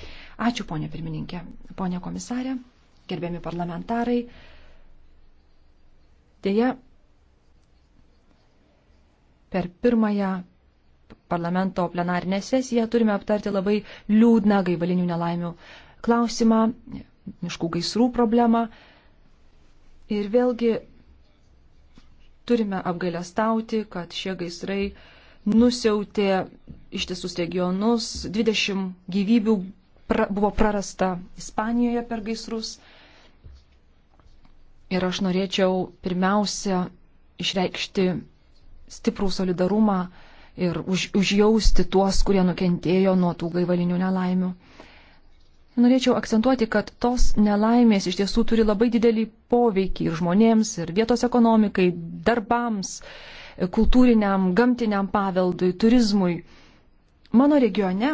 Ačiū, ponia pirmininkė. Ponia komisarė, gerbiami parlamentarai. Deja, per pirmąją parlamento plenarinę sesiją turime aptarti labai liūdną gaivalinių nelaimių klausimą, miškų gaisrų problemą. Ir vėlgi turime apgailestauti, kad šie gaisrai nusiautė ištisus regionus, 20 gyvybių pra, buvo prarasta Ispanijoje per gaisrus. Ir aš norėčiau pirmiausia išreikšti stiprų solidarumą ir už, užjausti tuos, kurie nukentėjo nuo tų gaivalinių nelaimių. Norėčiau akcentuoti, kad tos nelaimės iš tiesų turi labai didelį poveikį ir žmonėms, ir vietos ekonomikai, darbams, kultūriniam, gamtiniam paveldui, turizmui. Mano regione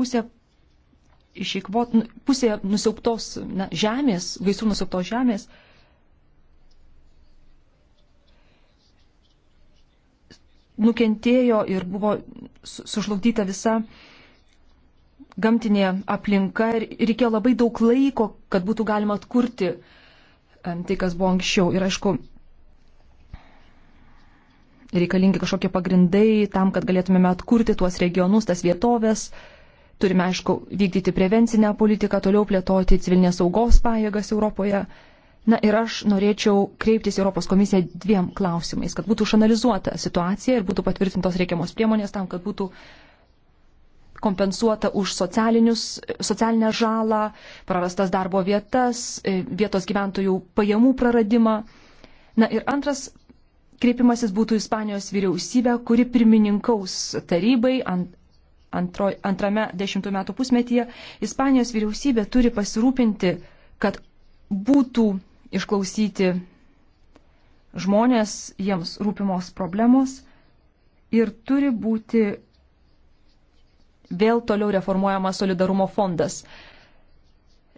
pusė išikvot, pusė nusiauptos na, žemės, gaisrų nusiauptos žemės nukentėjo ir buvo sužlugdyta visa gamtinė aplinka ir reikėjo labai daug laiko, kad būtų galima atkurti tai, kas buvo anksčiau. Ir aišku, reikalingi kažkokie pagrindai tam, kad galėtumėme atkurti tuos regionus, tas vietovės. Turime, aišku, vykdyti prevencinę politiką, toliau plėtoti civilinės saugos pajėgas Europoje. Na ir aš norėčiau kreiptis į Europos komisiją dviem klausimais, kad būtų išanalizuota situacija ir būtų patvirtintos reikiamos priemonės tam, kad būtų kompensuota už socialinę žalą, prarastas darbo vietas, e, vietos gyventojų pajamų praradimą. Na ir antras kreipimasis būtų Ispanijos vyriausybė, kuri pirmininkaus tarybai ant, antro, antrame dešimtų metų pusmetyje. Ispanijos vyriausybė turi pasirūpinti, kad būtų išklausyti žmonės, jiems rūpimos problemos ir turi būti vėl toliau reformuojama solidarumo fondas.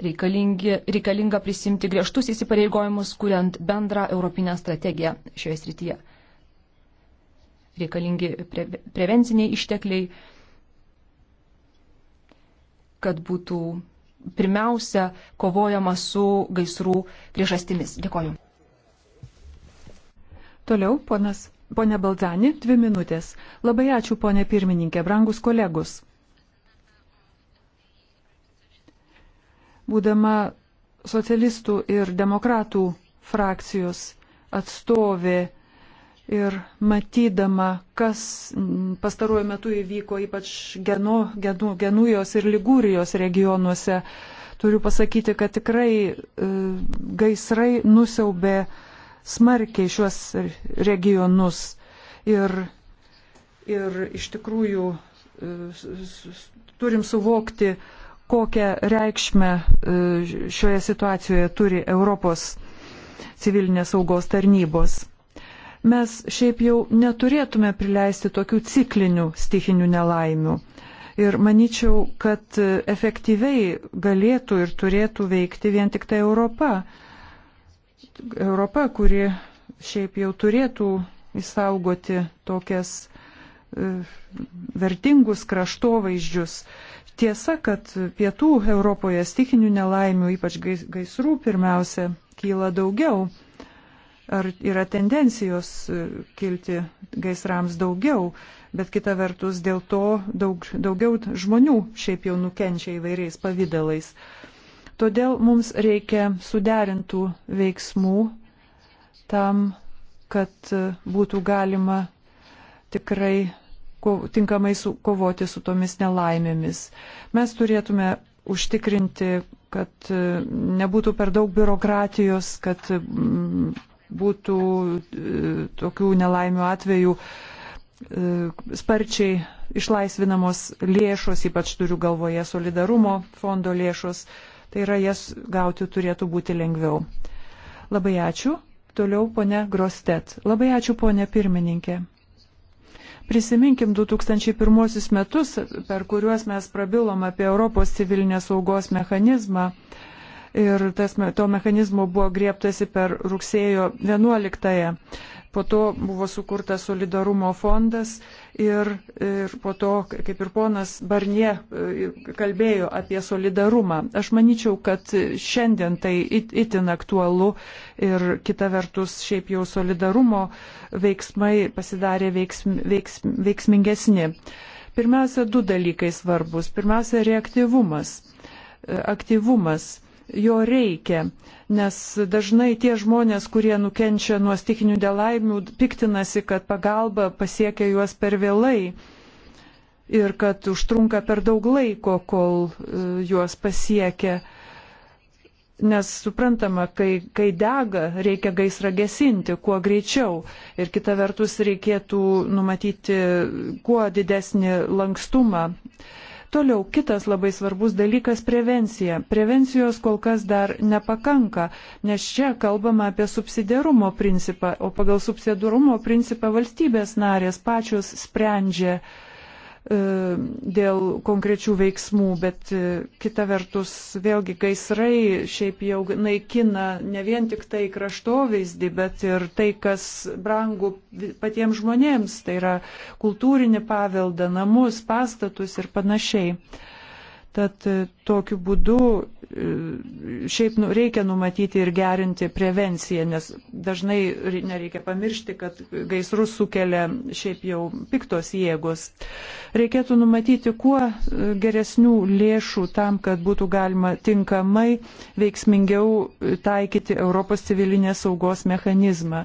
Reikalinga prisimti griežtus įsipareigojimus, kuriant bendrą europinę strategiją šioje srityje. Reikalingi pre, prevenciniai ištekliai, kad būtų pirmiausia kovojama su gaisrų priežastimis. Dėkoju. Toliau, ponas, ponė Balzani, dvi minutės. Labai ačiū, ponė pirmininkė, brangus kolegus. Būdama socialistų ir demokratų frakcijos atstovė, ir matydama, kas pastaruoju metu įvyko ypač genu, genu, Genujos ir Ligūrijos regionuose, turiu pasakyti, kad tikrai e, gaisrai nusiaubė smarkiai šiuos regionus ir, ir iš tikrųjų e, turim suvokti, kokią reikšmę e, šioje situacijoje turi Europos civilinės saugos tarnybos. Mes šiaip jau neturėtume prileisti tokių ciklinių stichinių nelaimių. Ir manyčiau, kad efektyviai galėtų ir turėtų veikti vien tik tai Europa. Europa, kuri šiaip jau turėtų įsaugoti tokias e, vertingus kraštovaizdžius. Tiesa, kad pietų Europoje stikinių nelaimių, ypač gaisrų, pirmiausia, kyla daugiau ar yra tendencijos e, kilti gaisrams daugiau, bet kita vertus dėl to daug, daugiau žmonių šiaip jau nukenčia įvairiais pavydalais. Todėl mums reikia suderintų veiksmų tam, kad e, būtų galima tikrai tinkamai su, kovoti su tomis nelaimėmis. Mes turėtume užtikrinti, kad e, nebūtų per daug biurokratijos, kad būtų e, tokių nelaimių atveju e, sparčiai išlaisvinamos lėšos, ypač turiu galvoje solidarumo fondo lėšos, tai yra jas gauti turėtų būti lengviau. Labai ačiū. Toliau ponė Grostet. Labai ačiū ponė pirmininkė. Prisiminkim 2001 metus, per kuriuos mes prabilom apie Europos civilinės saugos mechanizmą ir tas, to mechanizmo buvo grieptasi per rugsėjo 11-ąją. Po to buvo sukurtas solidarumo fondas ir, ir po to, kaip ir ponas Barnie e, kalbėjo apie solidarumą. Aš manyčiau, kad šiandien tai it, itin aktualu ir kita vertus šiaip jau solidarumo veiksmai pasidarė veiksm, veiksm, veiksmingesni. Pirmiausia, du dalykai svarbus. Pirmiausia, reaktyvumas. E, aktyvumas jo reikia, nes dažnai tie žmonės, kurie nukenčia nuo stikinių dėlaimių, piktinasi, kad pagalba pasiekia juos per vėlai ir kad užtrunka per daug laiko, kol e, juos pasiekia. Nes suprantama, kai, kai dega, reikia gaisrą gesinti kuo greičiau. Ir kita vertus reikėtų numatyti kuo didesnį lankstumą Toliau kitas labai svarbus dalykas - prevencija. Prevencijos kol kas dar nepakanka, nes čia kalbama apie subsidiarumo principą, o pagal subsidiarumo principą valstybės narės pačios sprendžia uh, E, dėl konkrečių veiksmų, bet e, kita vertus vėlgi gaisrai šiaip jau naikina ne vien tik tai kraštovaizdį, bet ir tai, kas brangu patiems žmonėms, tai yra kultūrinį paveldą, namus, pastatus ir panašiai. Tad e, tokiu būdu šiaip nu, reikia numatyti ir gerinti prevenciją, nes dažnai nereikia pamiršti, kad gaisrus sukelia šiaip jau piktos jėgos. Reikėtų numatyti kuo geresnių lėšų tam, kad būtų galima tinkamai, veiksmingiau taikyti Europos civilinės saugos mechanizmą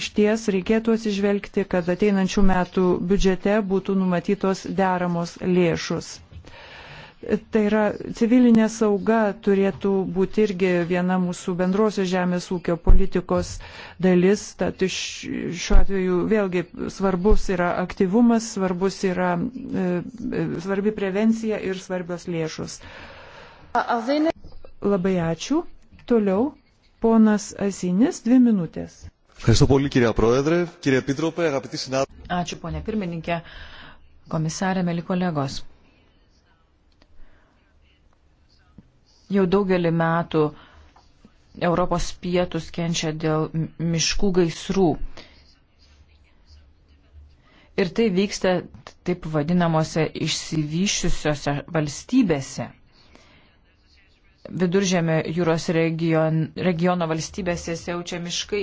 iš ties reikėtų atsižvelgti, kad ateinančių metų biudžete būtų numatytos deramos lėšus. Tai yra civilinė sauga turėtų būti irgi viena mūsų bendrosios žemės ūkio politikos dalis. Tad iš, šiuo atveju vėlgi svarbus yra aktyvumas, svarbus yra e, e svarbi prevencija ir svarbios lėšos. Labai ačiū. Toliau ponas Asinis, dvi minutės. Ačiū, ponė pirmininkė, komisarė, mėly kolegos. Jau daugelį metų Europos pietus kenčia dėl miškų gaisrų. Ir tai vyksta taip vadinamosi išsivyščiusiose valstybėse. Viduržėmio jūros region, regiono valstybėse siaučia miškai,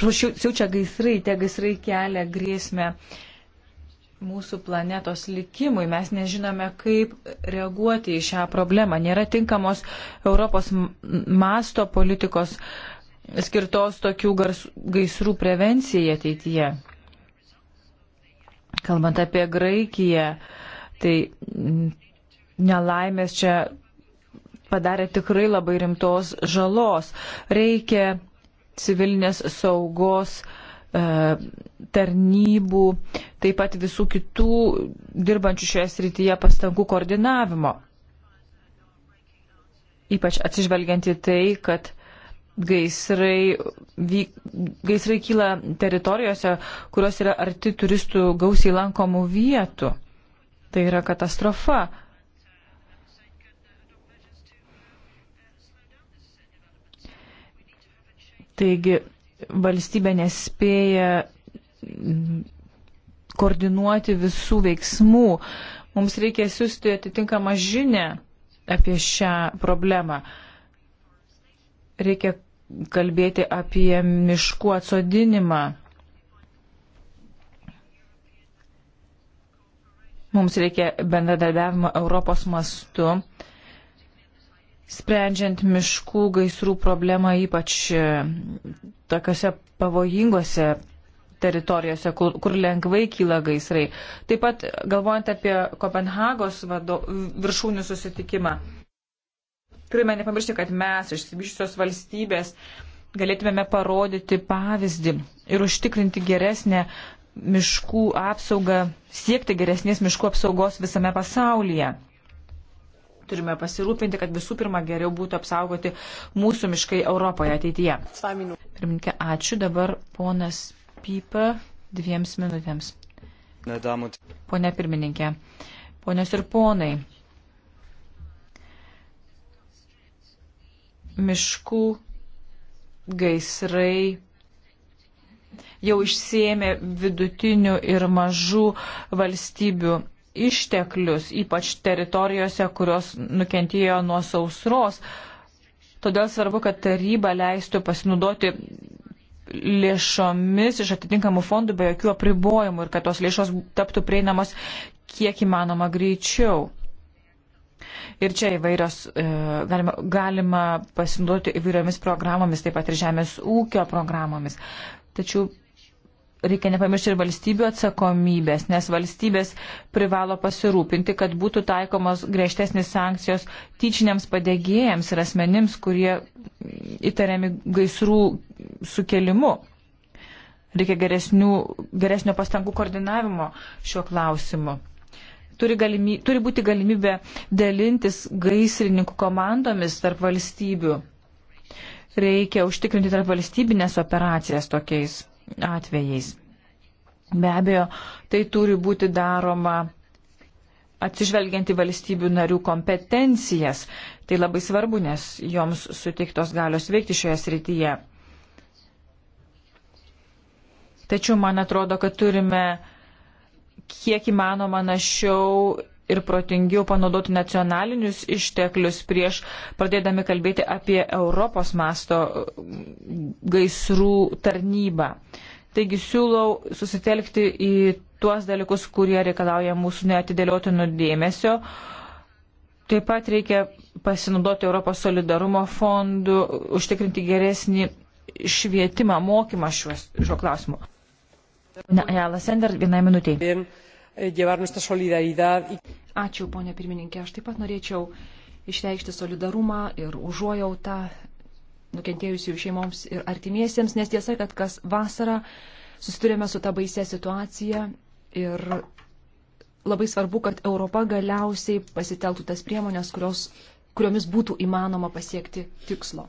siaučia gaisrai, tie gaisrai kelia grėsmę uh, mūsų planetos likimui. Mes nežinome, kaip reaguoti į šią problemą. Nėra tinkamos Europos masto politikos skirtos tokių gars, gaisrų prevencijai ateityje. Kalbant apie Graikiją, tai nelaimės čia padarė tikrai labai rimtos žalos. Reikia civilinės saugos uh, E, tarnybų, taip pat visų kitų dirbančių šioje srityje pastangų koordinavimo. Ypač atsižvelgiant į tai, kad gaisrai, vyk, gaisrai kyla teritorijose, kurios yra arti turistų gausiai lankomų vietų. Tai yra katastrofa. Taigi valstybė nespėja koordinuoti visų veiksmų. Mums reikia siūsti atitinkamą žinę apie šią problemą. Reikia kalbėti apie miškų atsodinimą. Mums reikia bendradarbiavimo Europos mastu sprendžiant miškų gaisrų problemą, ypač e, tokiuose pavojingose teritorijose, kur, kur lengvai kyla gaisrai. Taip pat galvojant apie Kopenhagos vado, viršūnių susitikimą. Turime nepamiršti, kad mes išsivyščiusios valstybės galėtumėme parodyti pavyzdį ir užtikrinti geresnę miškų apsaugą, siekti geresnės miškų apsaugos visame pasaulyje turime pasirūpinti, kad visų pirma geriau būtų apsaugoti mūsų miškai Europoje ateityje. Pirminkė, ačiū. Dabar ponas Pypa dviems minutėms. Pone pirmininkė, ponios ir ponai, miškų gaisrai jau išsėmė vidutinių ir mažų valstybių išteklius, ypač teritorijose, kurios nukentėjo nuo sausros. Todėl svarbu, kad taryba leistų pasinaudoti lėšomis iš atitinkamų fondų be jokių apribojimų ir kad tos lėšos taptų prieinamos kiek įmanoma greičiau. Ir čia įvairios, e, galima, galima pasinaudoti įvairiomis programomis, taip pat ir žemės ūkio programomis. Tačiau reikia nepamiršti ir valstybių atsakomybės, nes valstybės privalo pasirūpinti, kad būtų taikomos griežtesnis sankcijos tyčiniams padėgėjams ir asmenims, kurie įtariami gaisrų sukelimu. Reikia geresnių, geresnio pastangų koordinavimo šiuo klausimu. Turi, galimy, turi būti galimybė dalintis gaisrininkų komandomis tarp valstybių. Reikia užtikrinti tarp valstybinės operacijas tokiais atvejais. Be abejo, tai turi būti daroma atsižvelgiant į valstybių narių kompetencijas. Tai labai svarbu, nes joms suteiktos galios veikti šioje srityje. Tačiau man atrodo, kad turime kiek įmanoma našiau ir protingiau panaudoti nacionalinius išteklius prieš pradėdami kalbėti apie Europos masto mm, gaisrų tarnybą. Taigi siūlau susitelkti į tuos dalykus, kurie reikalauja mūsų neatidėliotinų dėmesio. Taip pat reikia pasinaudoti Europos solidarumo fondų, užtikrinti geresnį švietimą, mokymą šiuo klausimu. Ne, Jalas Ender, vienai minutiai. Eh, llevar nuestra solidaridad. Ačiū, ponė pirmininkė. Aš taip pat norėčiau išreikšti solidarumą ir užuojautą nukentėjusių šeimoms ir artimiesiems, nes tiesa, kad kas vasarą susidurėme su ta baise situacija ir labai svarbu, kad Europa galiausiai pasiteltų tas priemonės, kurios, kuriomis būtų įmanoma pasiekti tikslo.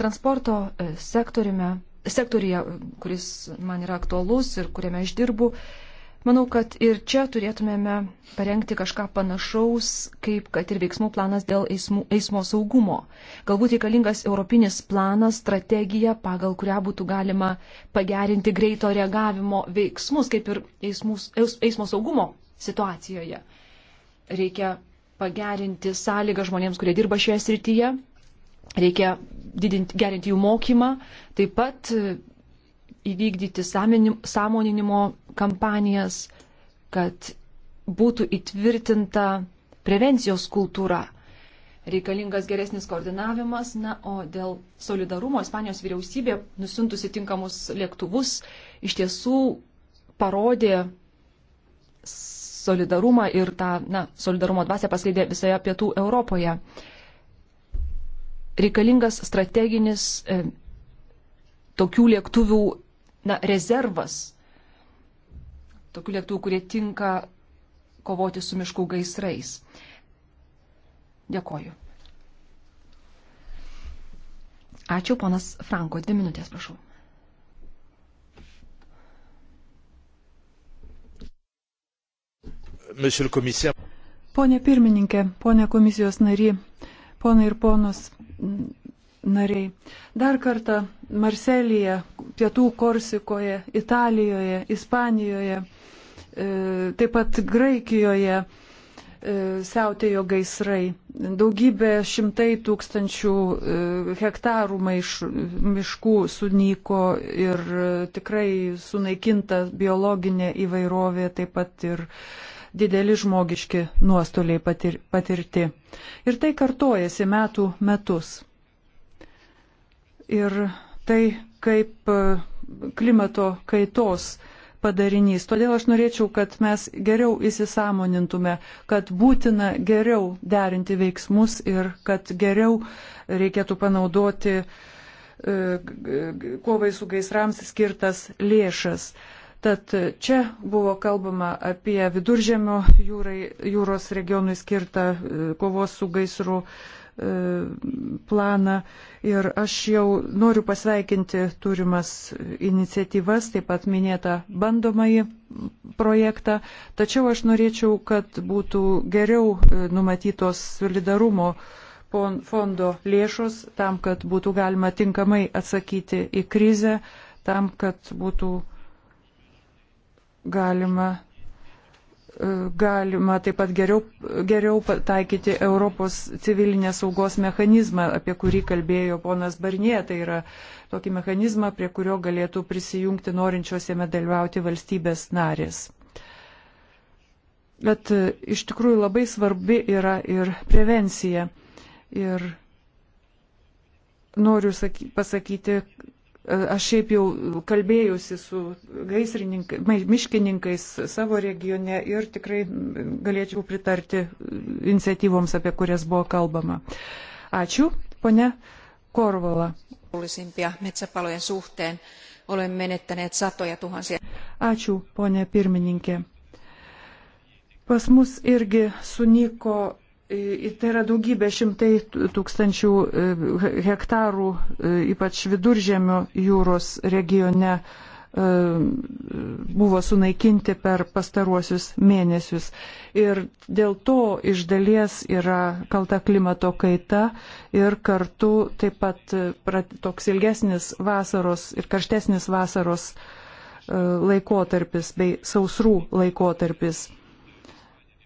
Transporto eh, sektoriuje, kuris man yra aktualus ir kuriame aš dirbu, Manau, kad ir čia turėtumėme parengti kažką panašaus, kaip kad ir veiksmų planas dėl eismų, eismo saugumo. Galbūt reikalingas europinis planas, strategija, pagal kurią būtų galima pagerinti greito reagavimo veiksmus, kaip ir eismus, eis, eismo saugumo situacijoje. Reikia pagerinti sąlygą žmonėms, kurie dirba šioje srityje. Reikia didinti, gerinti jų mokymą, taip pat įvykdyti sąmoninimo kampanijas, kad būtų įtvirtinta prevencijos kultūra. Reikalingas geresnis koordinavimas, na, o dėl solidarumo Ispanijos vyriausybė, nusintusi tinkamus lėktuvus, iš tiesų parodė solidarumą ir tą, na, solidarumo dvasę paskleidė visoje pietų Europoje. Reikalingas strateginis e, tokių lėktuvų na, rezervas tokių lėktuvų, kurie tinka kovoti su miškų gaisrais. Dėkoju. Ačiū, ponas Franko. Dvi minutės, prašau. Pone pirmininkė, pone komisijos nary, ponai ir ponos, nariai. Dar kartą Marselėje, Pietų Korsikoje, Italijoje, Ispanijoje, e, taip pat Graikijoje e, siautėjo gaisrai. Daugybė šimtai tūkstančių e, hektarų maiš, miškų sunyko ir tikrai sunaikinta biologinė įvairovė, taip pat ir dideli žmogiški nuostoliai patir, patirti. Ir tai kartojasi metų metus ir tai kaip e, klimato kaitos padarinys. Todėl aš norėčiau, kad mes geriau įsisamonintume, kad būtina geriau derinti veiksmus ir kad geriau reikėtų panaudoti e, kovai su gaisrams skirtas lėšas. Tad čia buvo kalbama apie viduržėmio jūrai, jūros regionui skirtą e, kovos su gaisru planą ir aš jau noriu pasveikinti turimas iniciatyvas, taip pat minėtą bandomąjį projektą, tačiau aš norėčiau, kad būtų geriau e, numatytos solidarumo fondo lėšos tam, kad būtų galima tinkamai atsakyti į krizę, tam, kad būtų galima galima taip pat geriau, geriau taikyti Europos civilinės saugos mechanizmą, apie kurį kalbėjo ponas Barnie. Tai yra tokį mechanizmą, prie kurio galėtų prisijungti norinčios jame dalyvauti valstybės narės. Bet e, iš tikrųjų labai svarbi yra ir prevencija. Ir noriu pasakyti, E, aš šiaip jau kalbėjusi su gaisrininkais, miškininkais savo regione ir tikrai galėčiau pritarti iniciatyvoms, apie kurias buvo kalbama. Ačiū, pone Korvola. Ačiū, ponė pirmininkė. Pas mus irgi sunyko E, tai yra daugybė šimtai tūkstančių e, hektarų, e, ypač viduržėmio jūros regione buvo sunaikinti per pastaruosius mėnesius. Ir dėl to iš dalies yra kalta klimato kaita ir kartu taip pat toks ilgesnis vasaros ir karštesnis vasaros laikotarpis bei sausrų laikotarpis.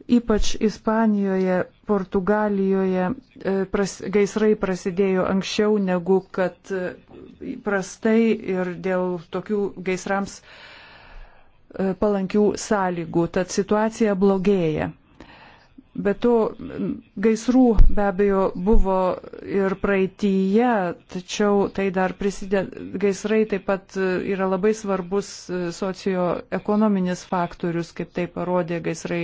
Ypač Ispanijoje, Portugalijoje e, pras, gaisrai prasidėjo anksčiau negu kad e, prastai ir dėl tokių gaisrams e, palankių sąlygų. Tad situacija blogėja. Be to, gaisrų be abejo buvo ir praeitįje, tačiau tai dar prisideda, gaisrai taip pat e, yra labai svarbus e, socioekonominis faktorius, kaip tai parodė gaisrai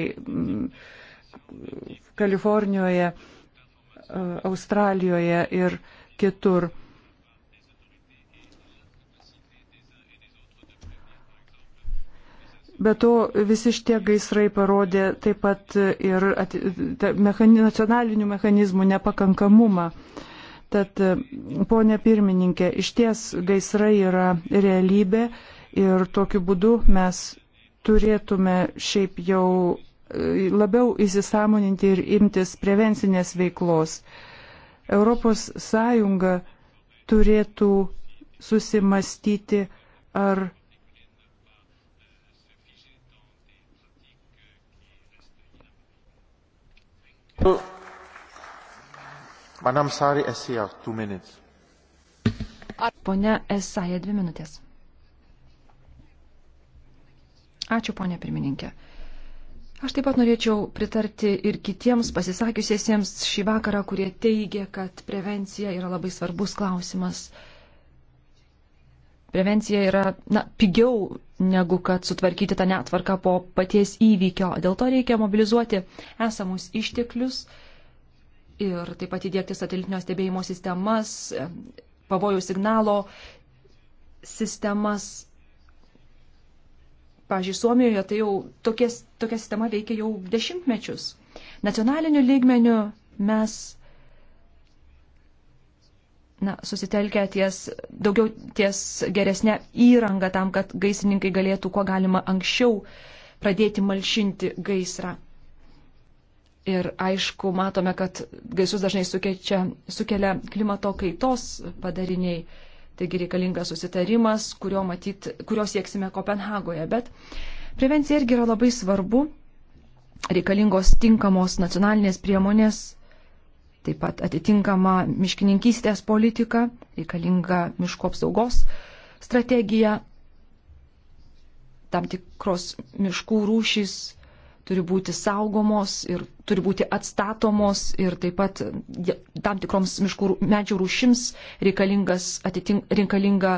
Kalifornijoje, e, Australijoje ir kitur. Be to, visi šitie gaisrai parodė taip pat ir mechani, nacionalinių mechanizmų nepakankamumą. Tad, ponė pirmininkė, iš ties gaisrai yra realybė ir tokiu būdu mes turėtume šiaip jau e, labiau įsisamoninti ir imtis prevencinės veiklos. ES turėtų susimastyti, ar Madam Sari Esija, 2 minutes. Pone Esaja, 2 minutės. Ačiū, ponė pirmininkė. Aš taip pat norėčiau pritarti ir kitiems pasisakiusiesiems šį vakarą, kurie teigia, kad prevencija yra labai svarbus klausimas prevencija yra na, pigiau negu kad sutvarkyti tą netvarką po paties įvykio. Dėl to reikia mobilizuoti esamus išteklius ir taip pat įdėkti satelitinio stebėjimo sistemas, pavojų signalo sistemas. Pavyzdžiui, Suomijoje tai jau tokie, tokia sistema veikia jau dešimtmečius. Nacionaliniu lygmeniu mes na, susitelkę ties, daugiau ties geresnė įranga tam, kad gaisininkai galėtų kuo galima anksčiau pradėti malšinti gaisrą. Ir aišku, matome, kad gaisus dažnai sukečia, sukelia klimato kaitos padariniai. Taigi reikalingas susitarimas, kurio, matyt, kurio sieksime Kopenhagoje. Bet prevencija irgi yra labai svarbu. Reikalingos tinkamos nacionalinės priemonės taip pat atitinkama miškininkystės politika, reikalinga miško apsaugos strategija, tam tikros miškų rūšys turi būti saugomos ir turi būti atstatomos ir taip pat tam tikroms miškų medžių rūšims atitink, reikalinga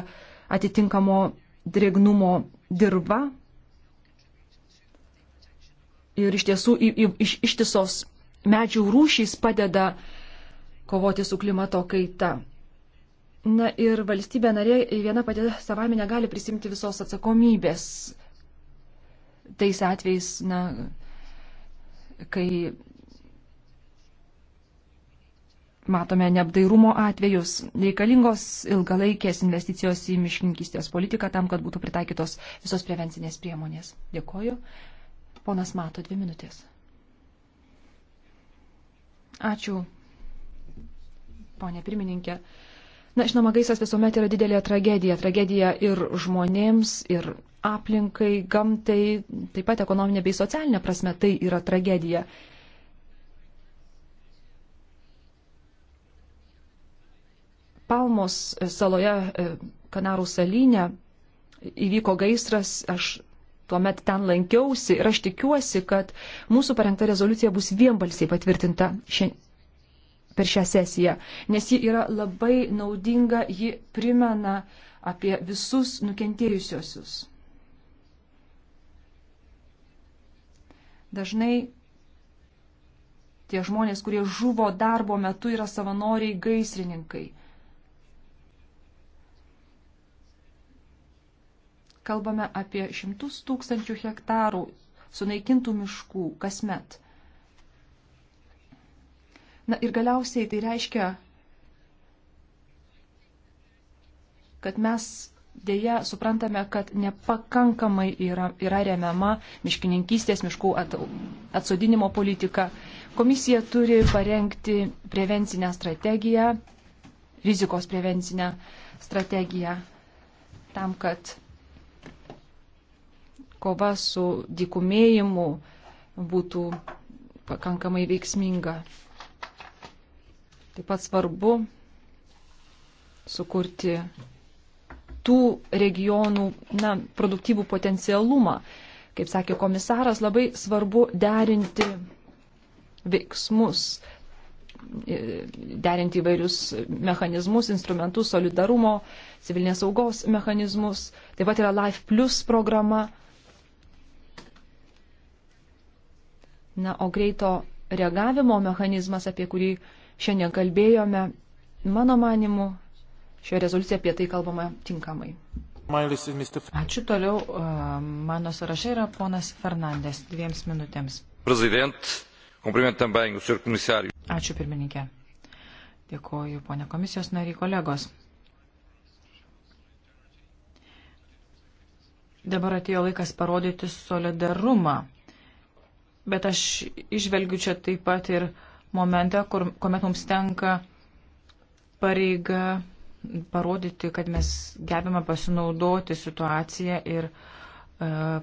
atitinkamo drėgnumo dirba. Ir iš tiesų iš, iš, ištisos medžių rūšys padeda uh, kovoti su klimato kaita. Na ir valstybė narė viena pati savami negali prisimti visos atsakomybės. Tais atvejais, na, kai matome neapdairumo atvejus, reikalingos ilgalaikės investicijos į miškininkystės politiką tam, kad būtų pritaikytos visos prevencinės priemonės. Dėkoju. Ponas Mato, dvi minutės. Ačiū, ponė pirmininkė. Na, žinoma, gaisras visuomet yra didelė tragedija. Tragedija ir žmonėms, ir aplinkai, gamtai, taip pat ekonominė bei socialinė prasme tai yra tragedija. Palmos e, saloje, e, Kanarų salyne, įvyko gaisras, aš tuomet ten lankiausi ir aš tikiuosi, kad mūsų parengta rezoliucija bus vienbalsiai patvirtinta šiandien per šią sesiją, nes ji yra labai naudinga, ji primena apie visus nukentėjusiosius. Dažnai tie žmonės, kurie žuvo darbo metu, yra savanoriai gaisrininkai. Kalbame apie šimtus tūkstančių hektarų sunaikintų miškų kasmet. Na ir galiausiai tai reiškia, kad mes dėja suprantame, kad nepakankamai yra, yra remiama miškininkystės miškų at, atsodinimo politika. Komisija turi parengti prevencinę strategiją, rizikos prevencinę strategiją, tam, kad kova su dikumėjimu būtų pakankamai veiksminga. Taip pat svarbu sukurti tų regionų na, produktyvų potencialumą. Kaip sakė komisaras, labai svarbu derinti veiksmus, e, derinti įvairius mechanizmus, instrumentus, solidarumo, civilinės saugos mechanizmus. Taip pat yra Life Plus programa. Na, o greito reagavimo mechanizmas, apie kurį uh, šiandien kalbėjome, mano manimu, šioje rezoliucijoje apie tai kalbama tinkamai. Ačiū toliau. Mano sąraše yra ponas Fernandės dviems minutėms. Ačiū pirmininkė. Dėkuoju, ponė komisijos nariai, kolegos. Dabar atėjo laikas parodyti solidarumą. Bet aš išvelgiu čia taip pat ir uh, momentą, kur, kuomet mums tenka pareiga parodyti, kad mes gebame pasinaudoti situaciją ir e,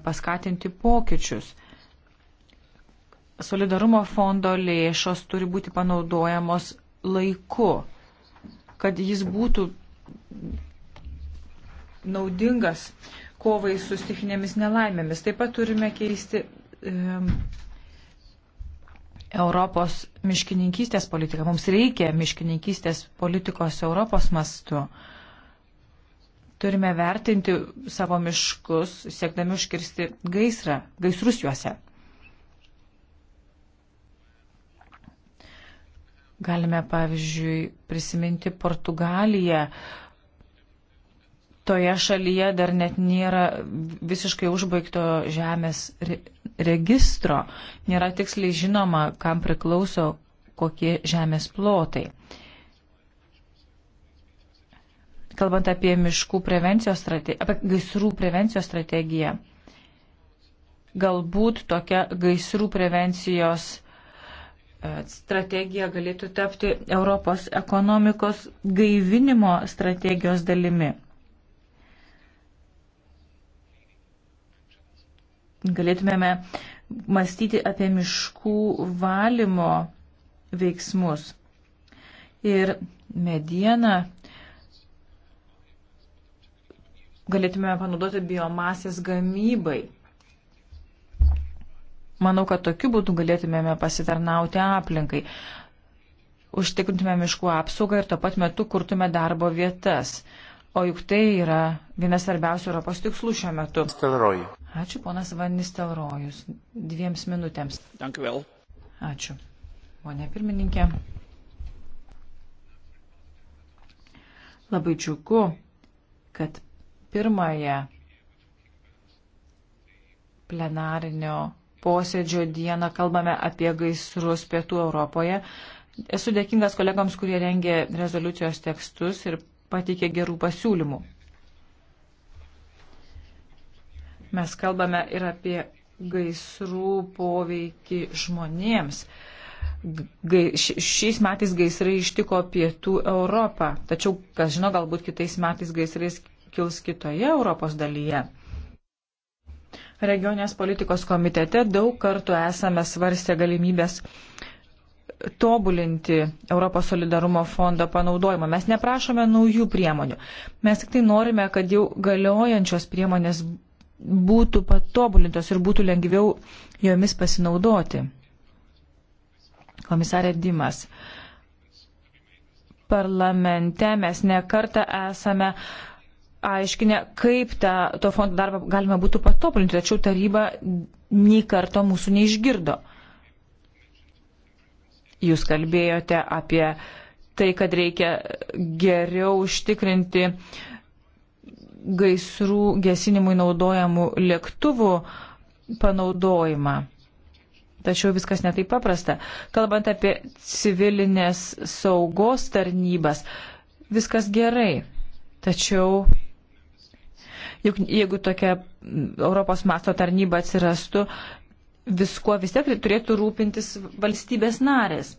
paskatinti pokyčius. Solidarumo fondo lėšos turi būti panaudojamos laiku, kad jis būtų naudingas kovai su stichinėmis nelaimėmis. Taip pat turime keisti e, Europos miškininkystės politiką. Mums reikia miškininkystės politikos Europos mastu. Turime vertinti savo miškus, siekdami užkirsti gaisrą, gaisrus juose. Galime, pavyzdžiui, prisiminti Portugaliją, toje šalyje dar net nėra visiškai užbaigto žemės registro, nėra tiksliai žinoma, kam priklauso kokie žemės plotai. Kalbant apie miškų prevencijos strategiją, apie gaisrų prevencijos strategiją, galbūt tokia gaisrų prevencijos e, strategija galėtų tapti Europos ekonomikos gaivinimo strategijos dalimi. galėtumėme mąstyti apie miškų valymo veiksmus. Ir medieną galėtumėme panaudoti biomasės gamybai. Manau, kad tokiu būdu galėtumėme pasitarnauti aplinkai, užtikrintume miškų apsaugą ir tuo pat metu kurtume darbo vietas. O juk tai yra vienas svarbiausių Europos tikslų šiuo metu. Stelroji. Ačiū, ponas Vanis Telrojus. Dviems minutėms. Dankvėl. Ačiū. Pone pirmininkė. Labai džiugu, kad pirmąją plenarinio posėdžio dieną kalbame apie gaisrus pietų Europoje. Esu dėkingas kolegams, kurie rengė rezoliucijos tekstus ir pateikė gerų pasiūlymų. Mes kalbame ir apie gaisrų poveikį žmonėms. Gai, šiais metais gaisrai ištiko pietų Europą, tačiau, kas žino, galbūt kitais metais gaisrais kils kitoje Europos dalyje. Regionės politikos komitete daug kartų esame svarstę galimybės tobulinti Europos solidarumo fondo panaudojimą. Mes neprašome naujų priemonių. Mes tik tai norime, kad jau galiojančios priemonės būtų patobulintos ir būtų lengviau jomis pasinaudoti. Komisarė Dimas, parlamente mes nekartą esame aiškinę, kaip tą, to fondo darbą galima būtų patobulinti, tačiau taryba nei karto mūsų neišgirdo. Jūs kalbėjote apie tai, kad reikia geriau užtikrinti uh, gaisrų gesinimui naudojamų lėktuvų panaudojimą. Tačiau viskas netai paprasta. Kalbant apie civilinės saugos tarnybas, viskas gerai. Tačiau juk jeigu tokia Europos masto tarnyba atsirastų, viskuo vis tiek turėtų rūpintis valstybės narės.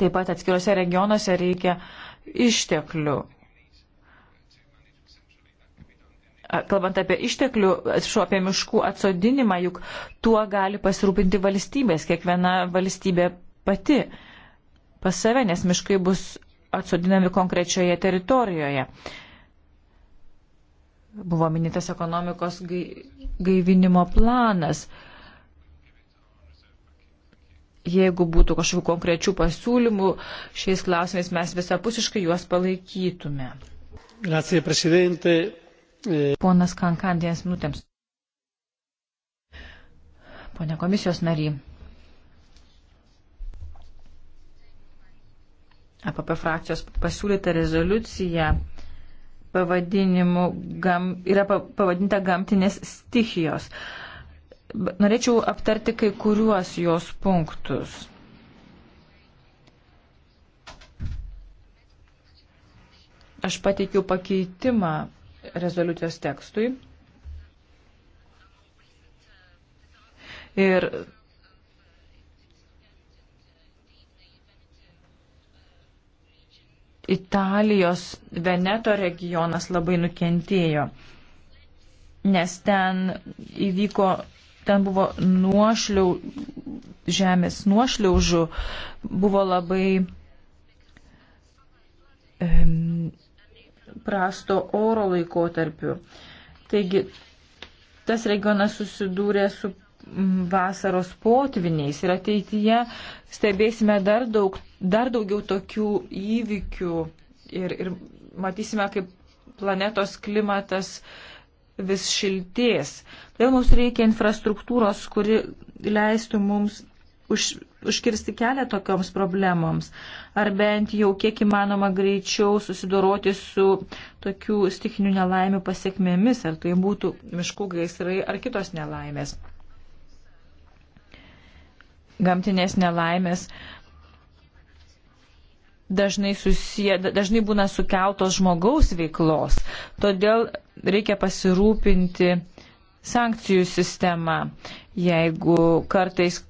Taip pat atskiruose regionuose reikia uh, išteklių. Kalbant apie išteklių, atsiprašau, apie miškų atsodinimą, juk tuo gali pasirūpinti valstybės, kiekviena valstybė pati pas save, nes miškai bus atsodinami konkrečioje teritorijoje. Buvo minėtas ekonomikos gaivinimo planas. Uh, jeigu būtų kažkokių konkrečių pasiūlymų šiais klausimais, mes visapusiškai juos palaikytume. Grazie, prezidente. Eh, Ponas Kankan, dienas minutėms. Pone komisijos nary. APP frakcijos pasiūlyta rezoliucija pavadinimu gam, yra pavadinta gamtinės stichijos. Uh, Norėčiau aptarti kai kuriuos jos punktus. Aš pateikiau pakeitimą rezoliucijos tekstui. Ir Italijos Veneto regionas labai nukentėjo, nes ten įvyko ten buvo nuošliau, žemės nuošliaužų, buvo labai um, prasto oro laikotarpiu. Taigi, tas regionas susidūrė su vasaros potviniais ir ateityje stebėsime dar, daug, dar daugiau tokių įvykių ir, ir matysime, kaip planetos klimatas vis šiltės. Todėl mums reikia infrastruktūros, kuri leistų mums už, užkirsti kelią tokioms problemoms. Ar bent jau kiek įmanoma greičiau susidoroti su tokių stikinių nelaimių pasiekmėmis, ar tai būtų miškų gaisrai ar kitos nelaimės. Gamtinės nelaimės dažnai, susiję, dažnai būna sukeltos žmogaus veiklos. Todėl reikia pasirūpinti sankcijų sistemą, jeigu kartais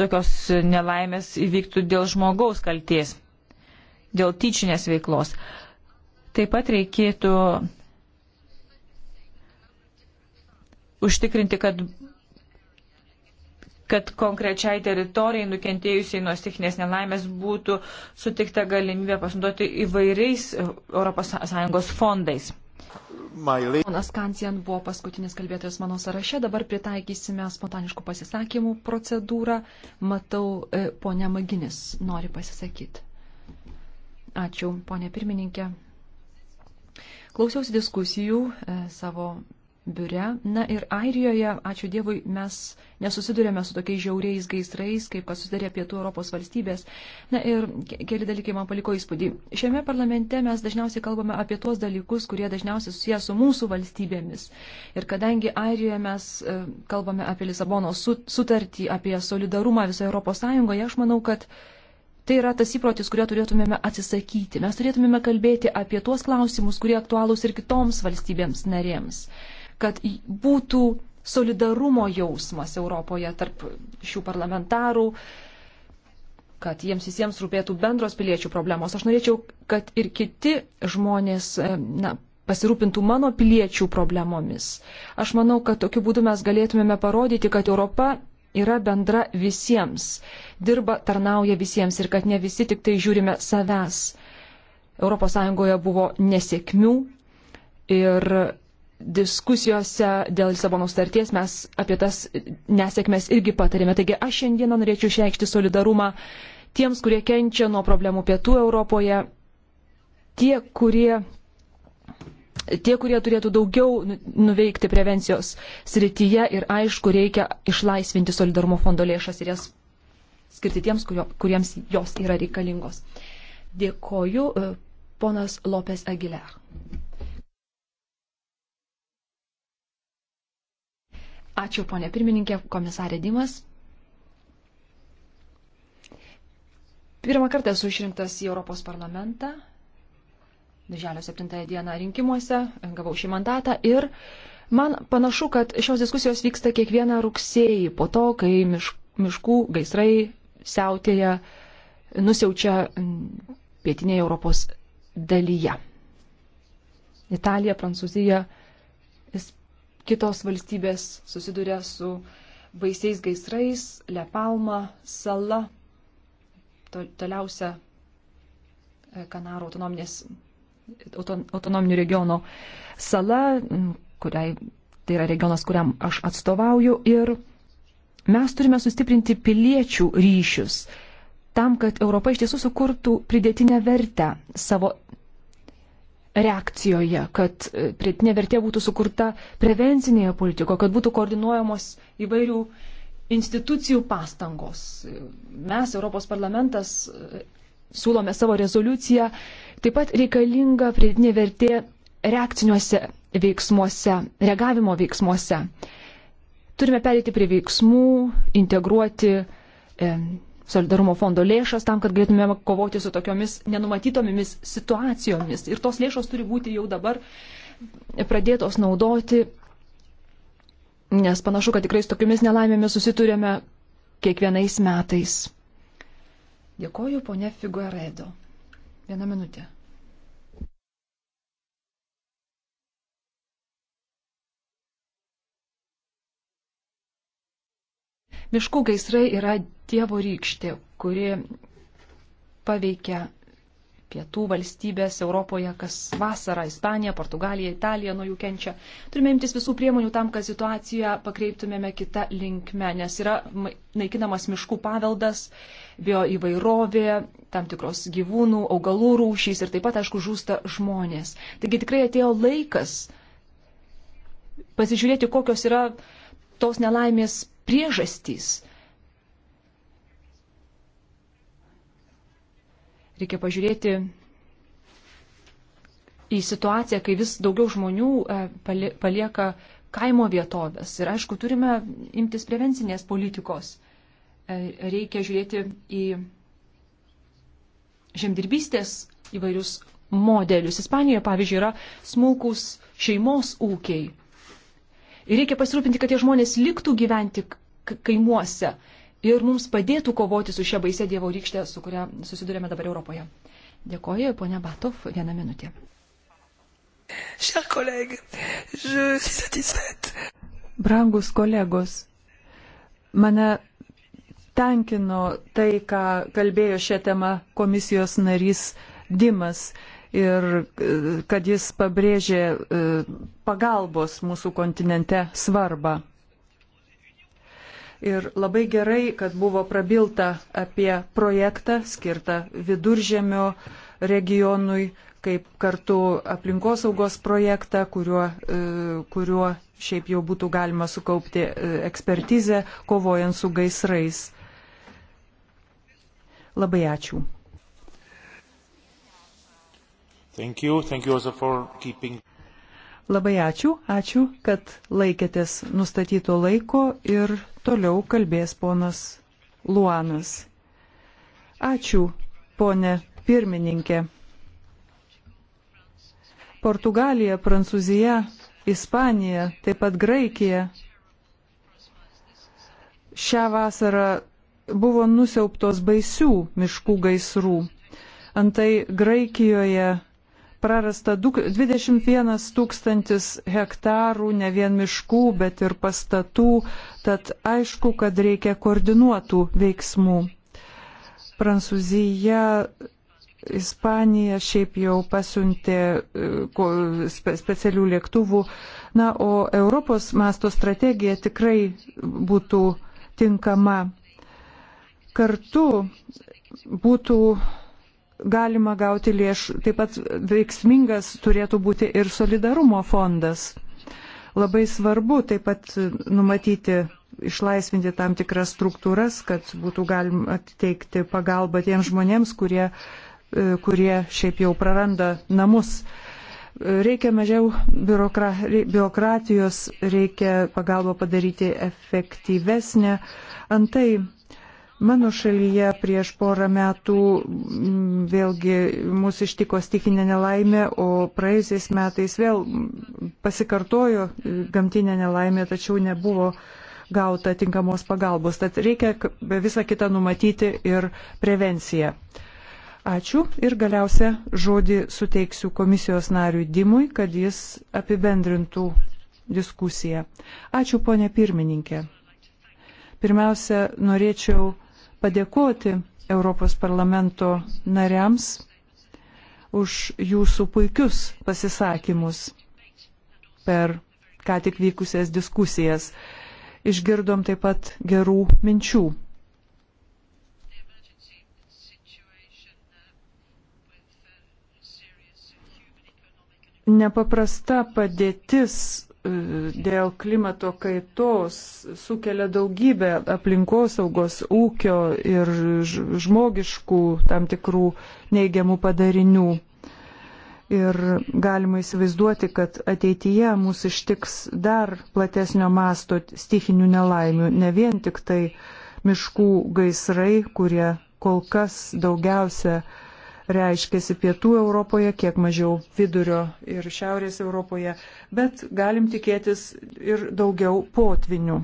tokios nelaimės įvyktų dėl žmogaus kalties, dėl tyčinės veiklos. Taip pat reikėtų užtikrinti, kad kad konkrečiai teritorijai nukentėjusiai nuo stichinės nelaimės būtų sutikta galimybė pasinaudoti įvairiais ES fondais. Ponas Kancijan buvo paskutinis kalbėtojas mano sąraše, dabar pritaikysime spontaniškų pasisakymų procedūrą. Matau, e, ponia Maginis nori pasisakyti. Ačiū, ponia pirmininkė. Klausiausi diskusijų e, savo biure. Na ir Airijoje, ačiū Dievui, mes nesusidurėme su tokiais žiauriais gaisrais, kaip kad susidarė pietų Europos valstybės. Na ir keli dalykai man paliko įspūdį. Šiame parlamente mes dažniausiai kalbame apie tuos dalykus, kurie dažniausiai susiję su mūsų valstybėmis. Ir kadangi Airijoje mes e, kalbame apie Lisabono sutartį, apie solidarumą visoje Europos Sąjungoje, aš manau, kad Tai yra tas įprotis, kurio turėtumėme atsisakyti. Mes turėtumėme kalbėti apie tuos klausimus, kurie aktualūs ir kitoms valstybėms narėms kad būtų solidarumo jausmas Europoje tarp šių parlamentarų, kad jiems visiems rūpėtų bendros piliečių problemos. Aš norėčiau, kad ir kiti žmonės e, na, pasirūpintų mano piliečių problemomis. Aš manau, kad tokiu būdu mes galėtumėme parodyti, kad Europa yra bendra visiems, dirba, tarnauja visiems ir kad ne visi tik tai žiūrime savęs. ES buvo nesėkmių ir diskusijose dėl Lisabono starties mes apie tas nesėkmes irgi patarėme. Taigi aš šiandieną norėčiau išreikšti solidarumą tiems, kurie kenčia nuo problemų pietų Europoje, tie, kurie, tie, kurie turėtų daugiau nu, nuveikti prevencijos srityje ir aišku, reikia išlaisvinti solidarumo fondo lėšas ir jas skirti tiems, kurio, kuriems jos yra reikalingos. Dėkoju, e, ponas Lopes Aguilar. Ačiū, ponė pirmininkė, komisarė Dimas. Pirmą kartą esu išrinktas į Europos parlamentą. Dželio 7 dieną rinkimuose gavau šį mandatą ir man panašu, kad šios diskusijos vyksta kiekvieną rugsėjį po to, kai miškų gaisrai siautėja, nusiaučia pietinėje Europos dalyje. Italija, Prancūzija, Ispanija kitos valstybės susiduria su baisiais gaisrais, Lepalma sala, toliausia e, Kanarų autonominės, autonominių regiono sala, kuriai tai yra regionas, kuriam aš atstovauju ir mes turime sustiprinti piliečių ryšius tam, kad Europa iš tiesų sukurtų pridėtinę vertę savo reakcijoje, kad e, pridėtinė vertė būtų sukurta prevencinėje politikoje, kad būtų koordinuojamos įvairių institucijų pastangos. Mes, Europos parlamentas, e, siūlome savo rezoliuciją, taip pat reikalinga pridėtinė vertė reakciniuose veiksmuose, reagavimo veiksmuose. Turime perėti prie veiksmų, integruoti e, solidarumo fondo lėšas tam, kad galėtumėm kovoti su tokiomis nenumatytomis situacijomis. Ir tos lėšos turi būti jau dabar pradėtos naudoti, nes panašu, kad tikrai su tokiamis nelaimėmis susiturėme kiekvienais metais. Dėkoju, ponė Figueredo. Vieną minutę. Miškų gaisrai yra Dievo rykštė, kuri paveikia pietų valstybės Europoje, kas vasarą Ispanija, Portugalija, Italija nuo jų kenčia. Turime imtis visų priemonių tam, kad situaciją pakreiptumėme kitą linkmę, nes yra naikinamas miškų paveldas, bio įvairovė, tam tikros gyvūnų, augalų rūšys ir taip pat, aišku, žūsta žmonės. Taigi tikrai atėjo laikas pasižiūrėti, kokios yra tos nelaimės priežastys Reikia pažiūrėti į situaciją, kai vis daugiau žmonių e, palieka kaimo vietovės. Ir aišku, turime imtis prevencinės politikos. E, reikia žiūrėti į žemdirbystės įvairius modelius. Ispanijoje, pavyzdžiui, yra smulkus šeimos ūkiai. Ir reikia pasirūpinti, kad tie žmonės liktų gyventi kaimuose ir mums padėtų kovoti su šia baise Dievo rykšte, su kuria susidurėme dabar Europoje. Dėkoju, ponia Batov, vieną minutę. Brangus kolegos, mane tenkino tai, ką kalbėjo šią temą komisijos narys Dimas ir e, kad jis pabrėžė e, pagalbos mūsų kontinente svarbą. Ir labai gerai, kad buvo prabilta apie projektą skirtą viduržėmio regionui, kaip kartu aplinkosaugos projektą, kuriuo, e, kuriuo šiaip jau būtų galima sukaupti e, ekspertizę, kovojant su gaisrais. Labai ačiū. Thank you. Thank you keeping... Labai ačiū, ačiū, kad laikėtės nustatyto laiko ir Toliau kalbės ponas Luanas. Ačiū, ponė pirmininkė. Portugalija, Prancūzija, Ispanija, taip pat Graikija šią vasarą buvo nusiauptos baisių miškų gaisrų. Antai Graikijoje prarasta 21 tūkstantis hektarų ne vien miškų, bet ir pastatų, tad aišku, kad reikia koordinuotų veiksmų. Prancūzija, Ispanija šiaip jau pasiuntė e, specialių lėktuvų, na, o Europos masto strategija tikrai būtų tinkama. Kartu būtų galima gauti lėšų, taip pat veiksmingas turėtų būti ir solidarumo fondas. Labai svarbu taip pat numatyti, išlaisvinti tam tikras struktūras, kad būtų galima teikti pagalbą tiems žmonėms, kurie, e, kurie šiaip jau praranda namus. Reikia mažiau biurokratijos, reikia pagalbą padaryti efektyvesnę. Antai Mano šalyje prieš porą metų vėlgi mūsų ištiko stikinė nelaimė, o praėjusiais metais vėl pasikartojo e, gamtinė nelaimė, tačiau nebuvo gauta tinkamos pagalbos. Tad reikia visą kitą numatyti ir prevenciją. Ačiū ir galiausia žodį suteiksiu komisijos nariui Dimui, kad jis apibendrintų diskusiją. Ačiū ponė pirmininkė. Pirmiausia, norėčiau padėkoti Europos parlamento nariams už jūsų puikius pasisakymus per ką tik vykusias diskusijas. Išgirdom taip pat gerų minčių. Nepaprasta padėtis dėl klimato kaitos sukelia daugybę aplinkosaugos, ūkio ir žmogiškų tam tikrų neigiamų padarinių. Ir galima įsivaizduoti, kad ateityje mūsų ištiks dar platesnio masto stichinių nelaimių, ne vien tik tai miškų gaisrai, kurie kol kas daugiausia uh, reiškėsi pietų Europoje, kiek mažiau vidurio ir šiaurės Europoje, bet galim tikėtis ir daugiau potvinių.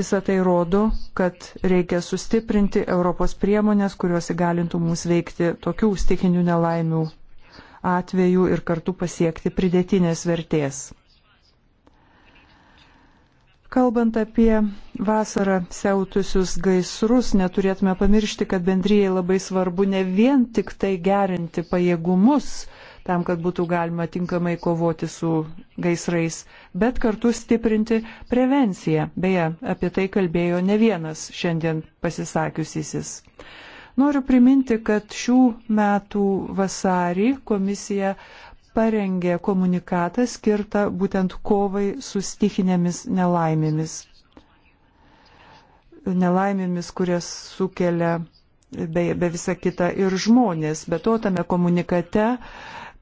Visą tai rodo, kad reikia sustiprinti Europos priemonės, kurios įgalintų mus veikti tokių stikinių nelaimių atveju ir kartu pasiekti pridėtinės vertės. Kalbant apie vasarą siautusius gaisrus, neturėtume pamiršti, kad bendryjai labai svarbu ne vien tik tai gerinti pajėgumus tam, kad būtų galima tinkamai kovoti su gaisrais, bet kartu stiprinti prevenciją. Beje, apie tai kalbėjo ne vienas šiandien pasisakiusysis. Noriu priminti, kad šių metų vasarį komisija parengė komunikatą skirtą būtent kovai su stichinėmis nelaimėmis. Nelaimėmis, kurias sukelia be, be visa kita ir žmonės. Be to tame komunikate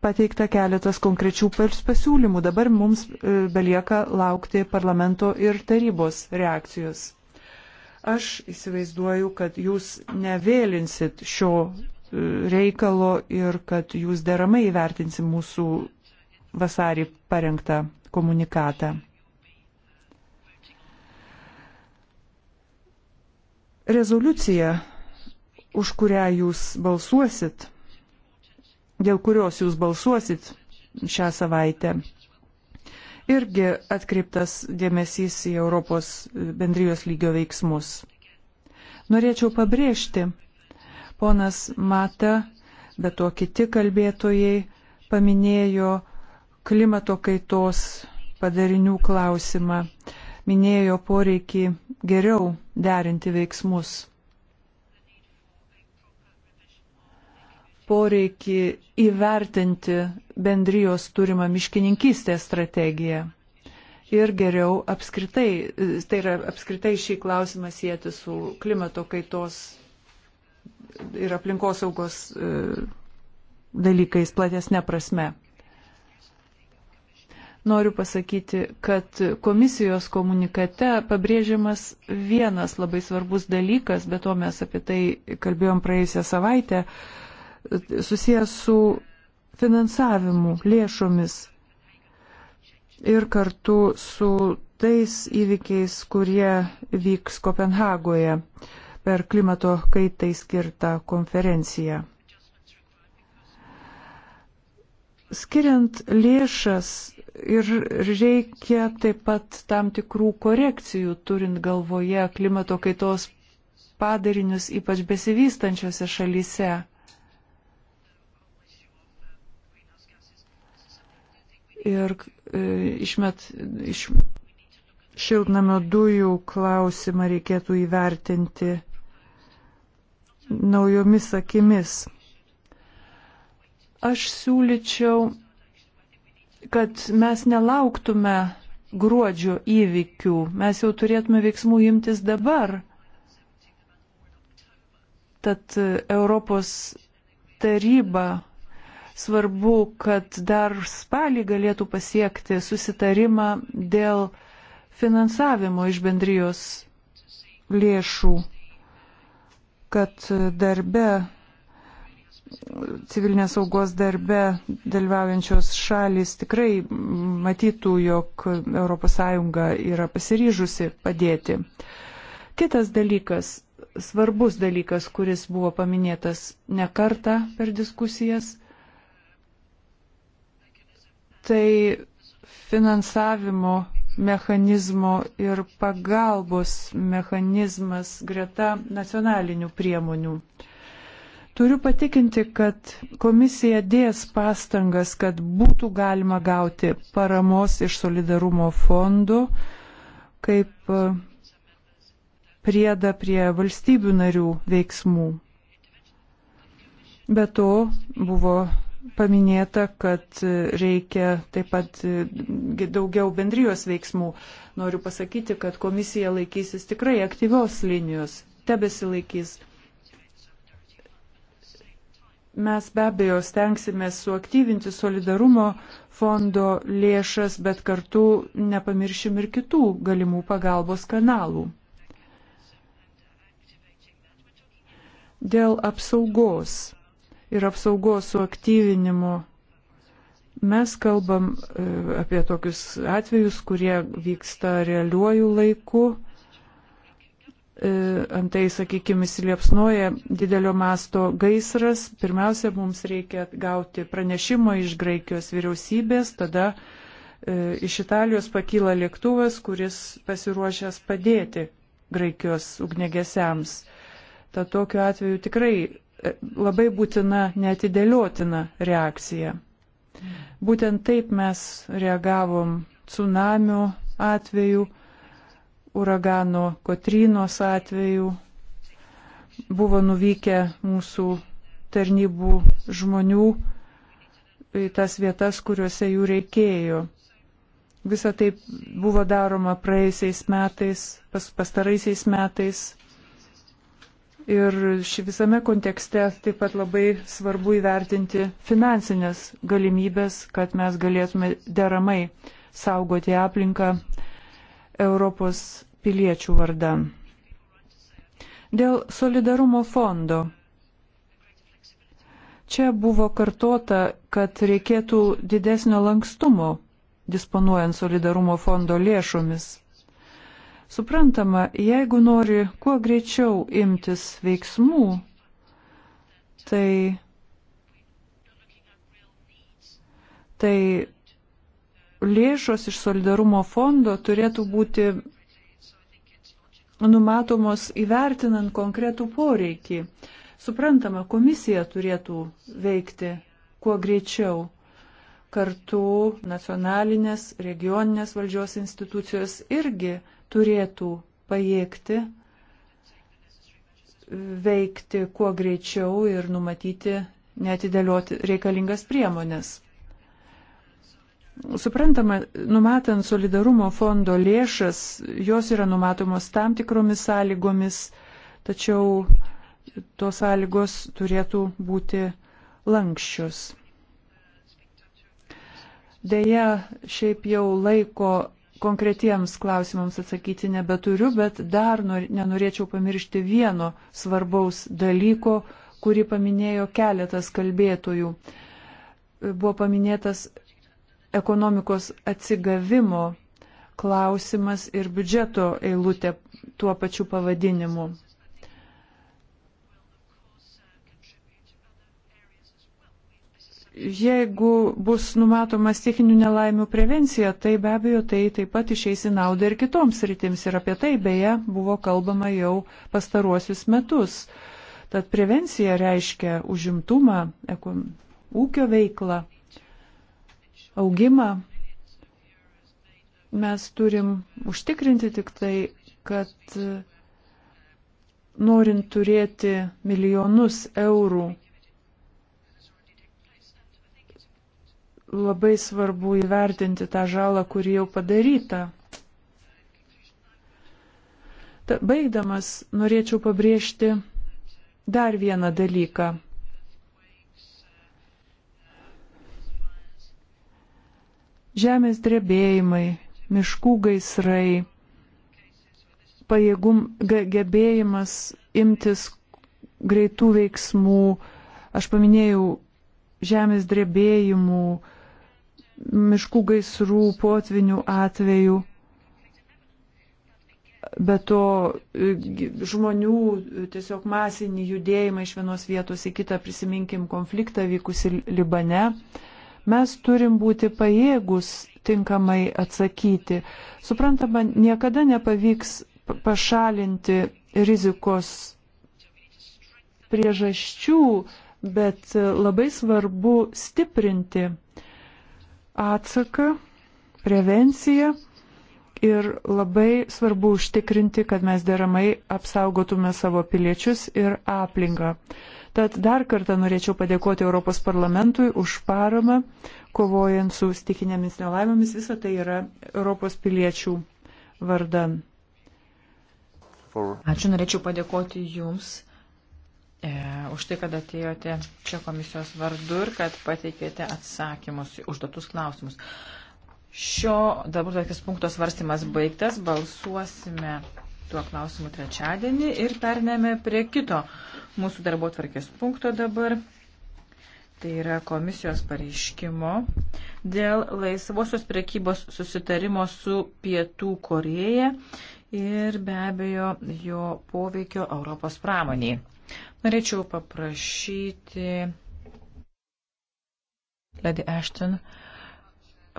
pateikta keletas konkrečių pasiūlymų. Dabar mums e, belieka laukti parlamento ir tarybos reakcijos. Aš įsivaizduoju, kad jūs nevėlinsit šio reikalo ir kad jūs deramai įvertinsi mūsų vasarį parengtą komunikatą. Rezoliucija, už kurią jūs balsuosit, dėl kurios jūs balsuosit šią savaitę, irgi atkreiptas dėmesys į Europos bendrijos lygio veiksmus. Norėčiau pabrėžti, Ponas Mata, bet to kiti kalbėtojai paminėjo klimato kaitos padarinių klausimą, minėjo poreikį geriau derinti veiksmus, poreikį įvertinti bendrijos turimą miškininkystės strategiją ir geriau apskritai, tai yra apskritai šį klausimą sieti su klimato kaitos ir aplinkosaugos e, dalykais platesnė prasme. Noriu pasakyti, kad komisijos komunikate pabrėžiamas vienas labai svarbus dalykas, bet to mes apie tai kalbėjom praėjusią savaitę, susijęs su finansavimu, lėšomis ir kartu su tais įvykiais, kurie vyks Kopenhagoje. Uh, per klimato kaitai skirtą konferenciją. Skiriant lėšas ir reikia taip pat tam tikrų korekcijų, turint galvoje klimato kaitos padarinius ypač besivystančiose šalyse. Ir e, išmet, iš šiltnamio dujų klausimą reikėtų įvertinti naujomis akimis. Aš siūlyčiau, kad mes nelauktume gruodžio įvykių, mes jau turėtume veiksmų imtis dabar. Tad e, Europos taryba svarbu, kad dar spalį galėtų pasiekti susitarimą dėl finansavimo iš bendrijos lėšų kad darbe, civilinės saugos darbe dalyvaujančios šalis tikrai matytų, jog ES yra pasiryžusi padėti. Kitas dalykas, svarbus dalykas, kuris buvo paminėtas ne kartą per diskusijas, tai finansavimo mechanizmo ir pagalbos mechanizmas greta nacionalinių priemonių. Turiu patikinti, kad komisija dės pastangas, kad būtų galima gauti paramos iš solidarumo fondų kaip e, priedą prie valstybių narių veiksmų. Be to buvo paminėta, kad reikia taip pat e, daugiau bendrijos veiksmų. Noriu pasakyti, kad komisija laikysis tikrai aktyvios linijos, tebesilaikys. Mes be abejo stengsime suaktyvinti solidarumo fondo lėšas, bet kartu nepamiršim ir kitų galimų pagalbos kanalų. Dėl apsaugos ir apsaugos suaktyvinimu. Mes kalbam e, apie tokius atvejus, kurie vyksta realiuoju laiku. E, antai, sakykime, įsiliepsnoja didelio masto gaisras. Pirmiausia, mums reikia gauti pranešimą iš Graikijos vyriausybės, tada e, iš Italijos pakyla lėktuvas, kuris pasiruošęs padėti Graikijos ugnegesiams. Tad tokiu atveju tikrai E, labai būtina netidėliotina reakcija. Būtent taip mes reagavom tsunamių atveju, uragano Kotrynos atveju, buvo nuvykę mūsų tarnybų žmonių į tas vietas, kuriuose jų reikėjo. Visą tai buvo daroma praeisiais metais, pas, pastaraisiais metais, Ir visame kontekste taip pat labai svarbu įvertinti finansinės galimybės, kad mes galėtume deramai saugoti aplinką Europos piliečių vardan. Dėl solidarumo fondo. Čia buvo kartota, kad reikėtų didesnio lankstumo disponuojant solidarumo fondo lėšomis. Suprantama, jeigu nori kuo greičiau imtis veiksmų, tai, tai lėšos iš solidarumo fondo turėtų būti numatomos įvertinant konkretų poreikį. Suprantama, komisija turėtų veikti kuo greičiau. Kartu nacionalinės, regioninės valdžios institucijos irgi uh, turėtų pajėgti veikti kuo greičiau ir numatyti netidėlioti reikalingas priemonės. Suprantama, numatant solidarumo fondo lėšas, jos yra numatomos tam tikromis sąlygomis, tačiau tos sąlygos turėtų būti lankščios. Deja, šiaip jau laiko konkretiems klausimams atsakyti nebeturiu, bet dar nor, nenorėčiau pamiršti vieno svarbaus dalyko, kurį paminėjo keletas kalbėtojų. Buvo paminėtas ekonomikos atsigavimo klausimas ir biudžeto eilutė tuo pačiu pavadinimu. jeigu bus numatoma stichinių nelaimių prevencija, tai be abejo tai taip pat išeis į naudą ir kitoms rytims. Ir apie tai beje buvo kalbama jau pastaruosius metus. Tad prevencija reiškia užimtumą, ūkio veiklą, augimą. Mes turim užtikrinti tik tai, kad norint turėti milijonus eurų labai svarbu įvertinti tą žalą, kuri jau padaryta. Ta, baigdamas norėčiau pabrėžti dar vieną dalyką. Žemės drebėjimai, miškų gaisrai, pajėgum, gebėjimas imtis greitų veiksmų, aš paminėjau žemės drebėjimų, miškų gaisrų, potvinių atvejų. Be to e, žmonių e, tiesiog masinį judėjimą iš vienos vietos į kitą, prisiminkim konfliktą vykusi Libane, mes turim būti pajėgus tinkamai atsakyti. Suprantama, niekada nepavyks pašalinti rizikos priežasčių, bet e, labai svarbu stiprinti uh, atsaką, prevenciją ir labai svarbu užtikrinti, kad mes deramai apsaugotume savo piliečius ir aplinką. Tad dar kartą norėčiau padėkoti Europos parlamentui už paramą, kovojant su stikinėmis nelaimėmis. Visa tai yra Europos piliečių vardan. Ačiū, norėčiau padėkoti Jums e, už tai, kad atėjote čia komisijos vardu ir kad pateikėte atsakymus į užduotus klausimus. Šio dabar tokis punktos varstymas baigtas, balsuosime tuo klausimu trečiadienį ir perneme prie kito mūsų darbo tvarkės punkto dabar. Tai yra komisijos pareiškimo dėl laisvosios prekybos susitarimo su Pietų Koreja ir be abejo jo poveikio Europos pramoniai. Norėčiau paprašyti Lady Ashton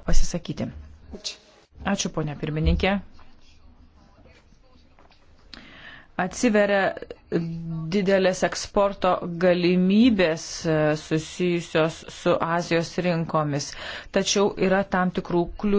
pasisakyti. Ačiū, ponia pirmininkė. Atsiveria didelės eksporto galimybės e, susijusios su Azijos rinkomis, tačiau yra tam tikrų kliūčių.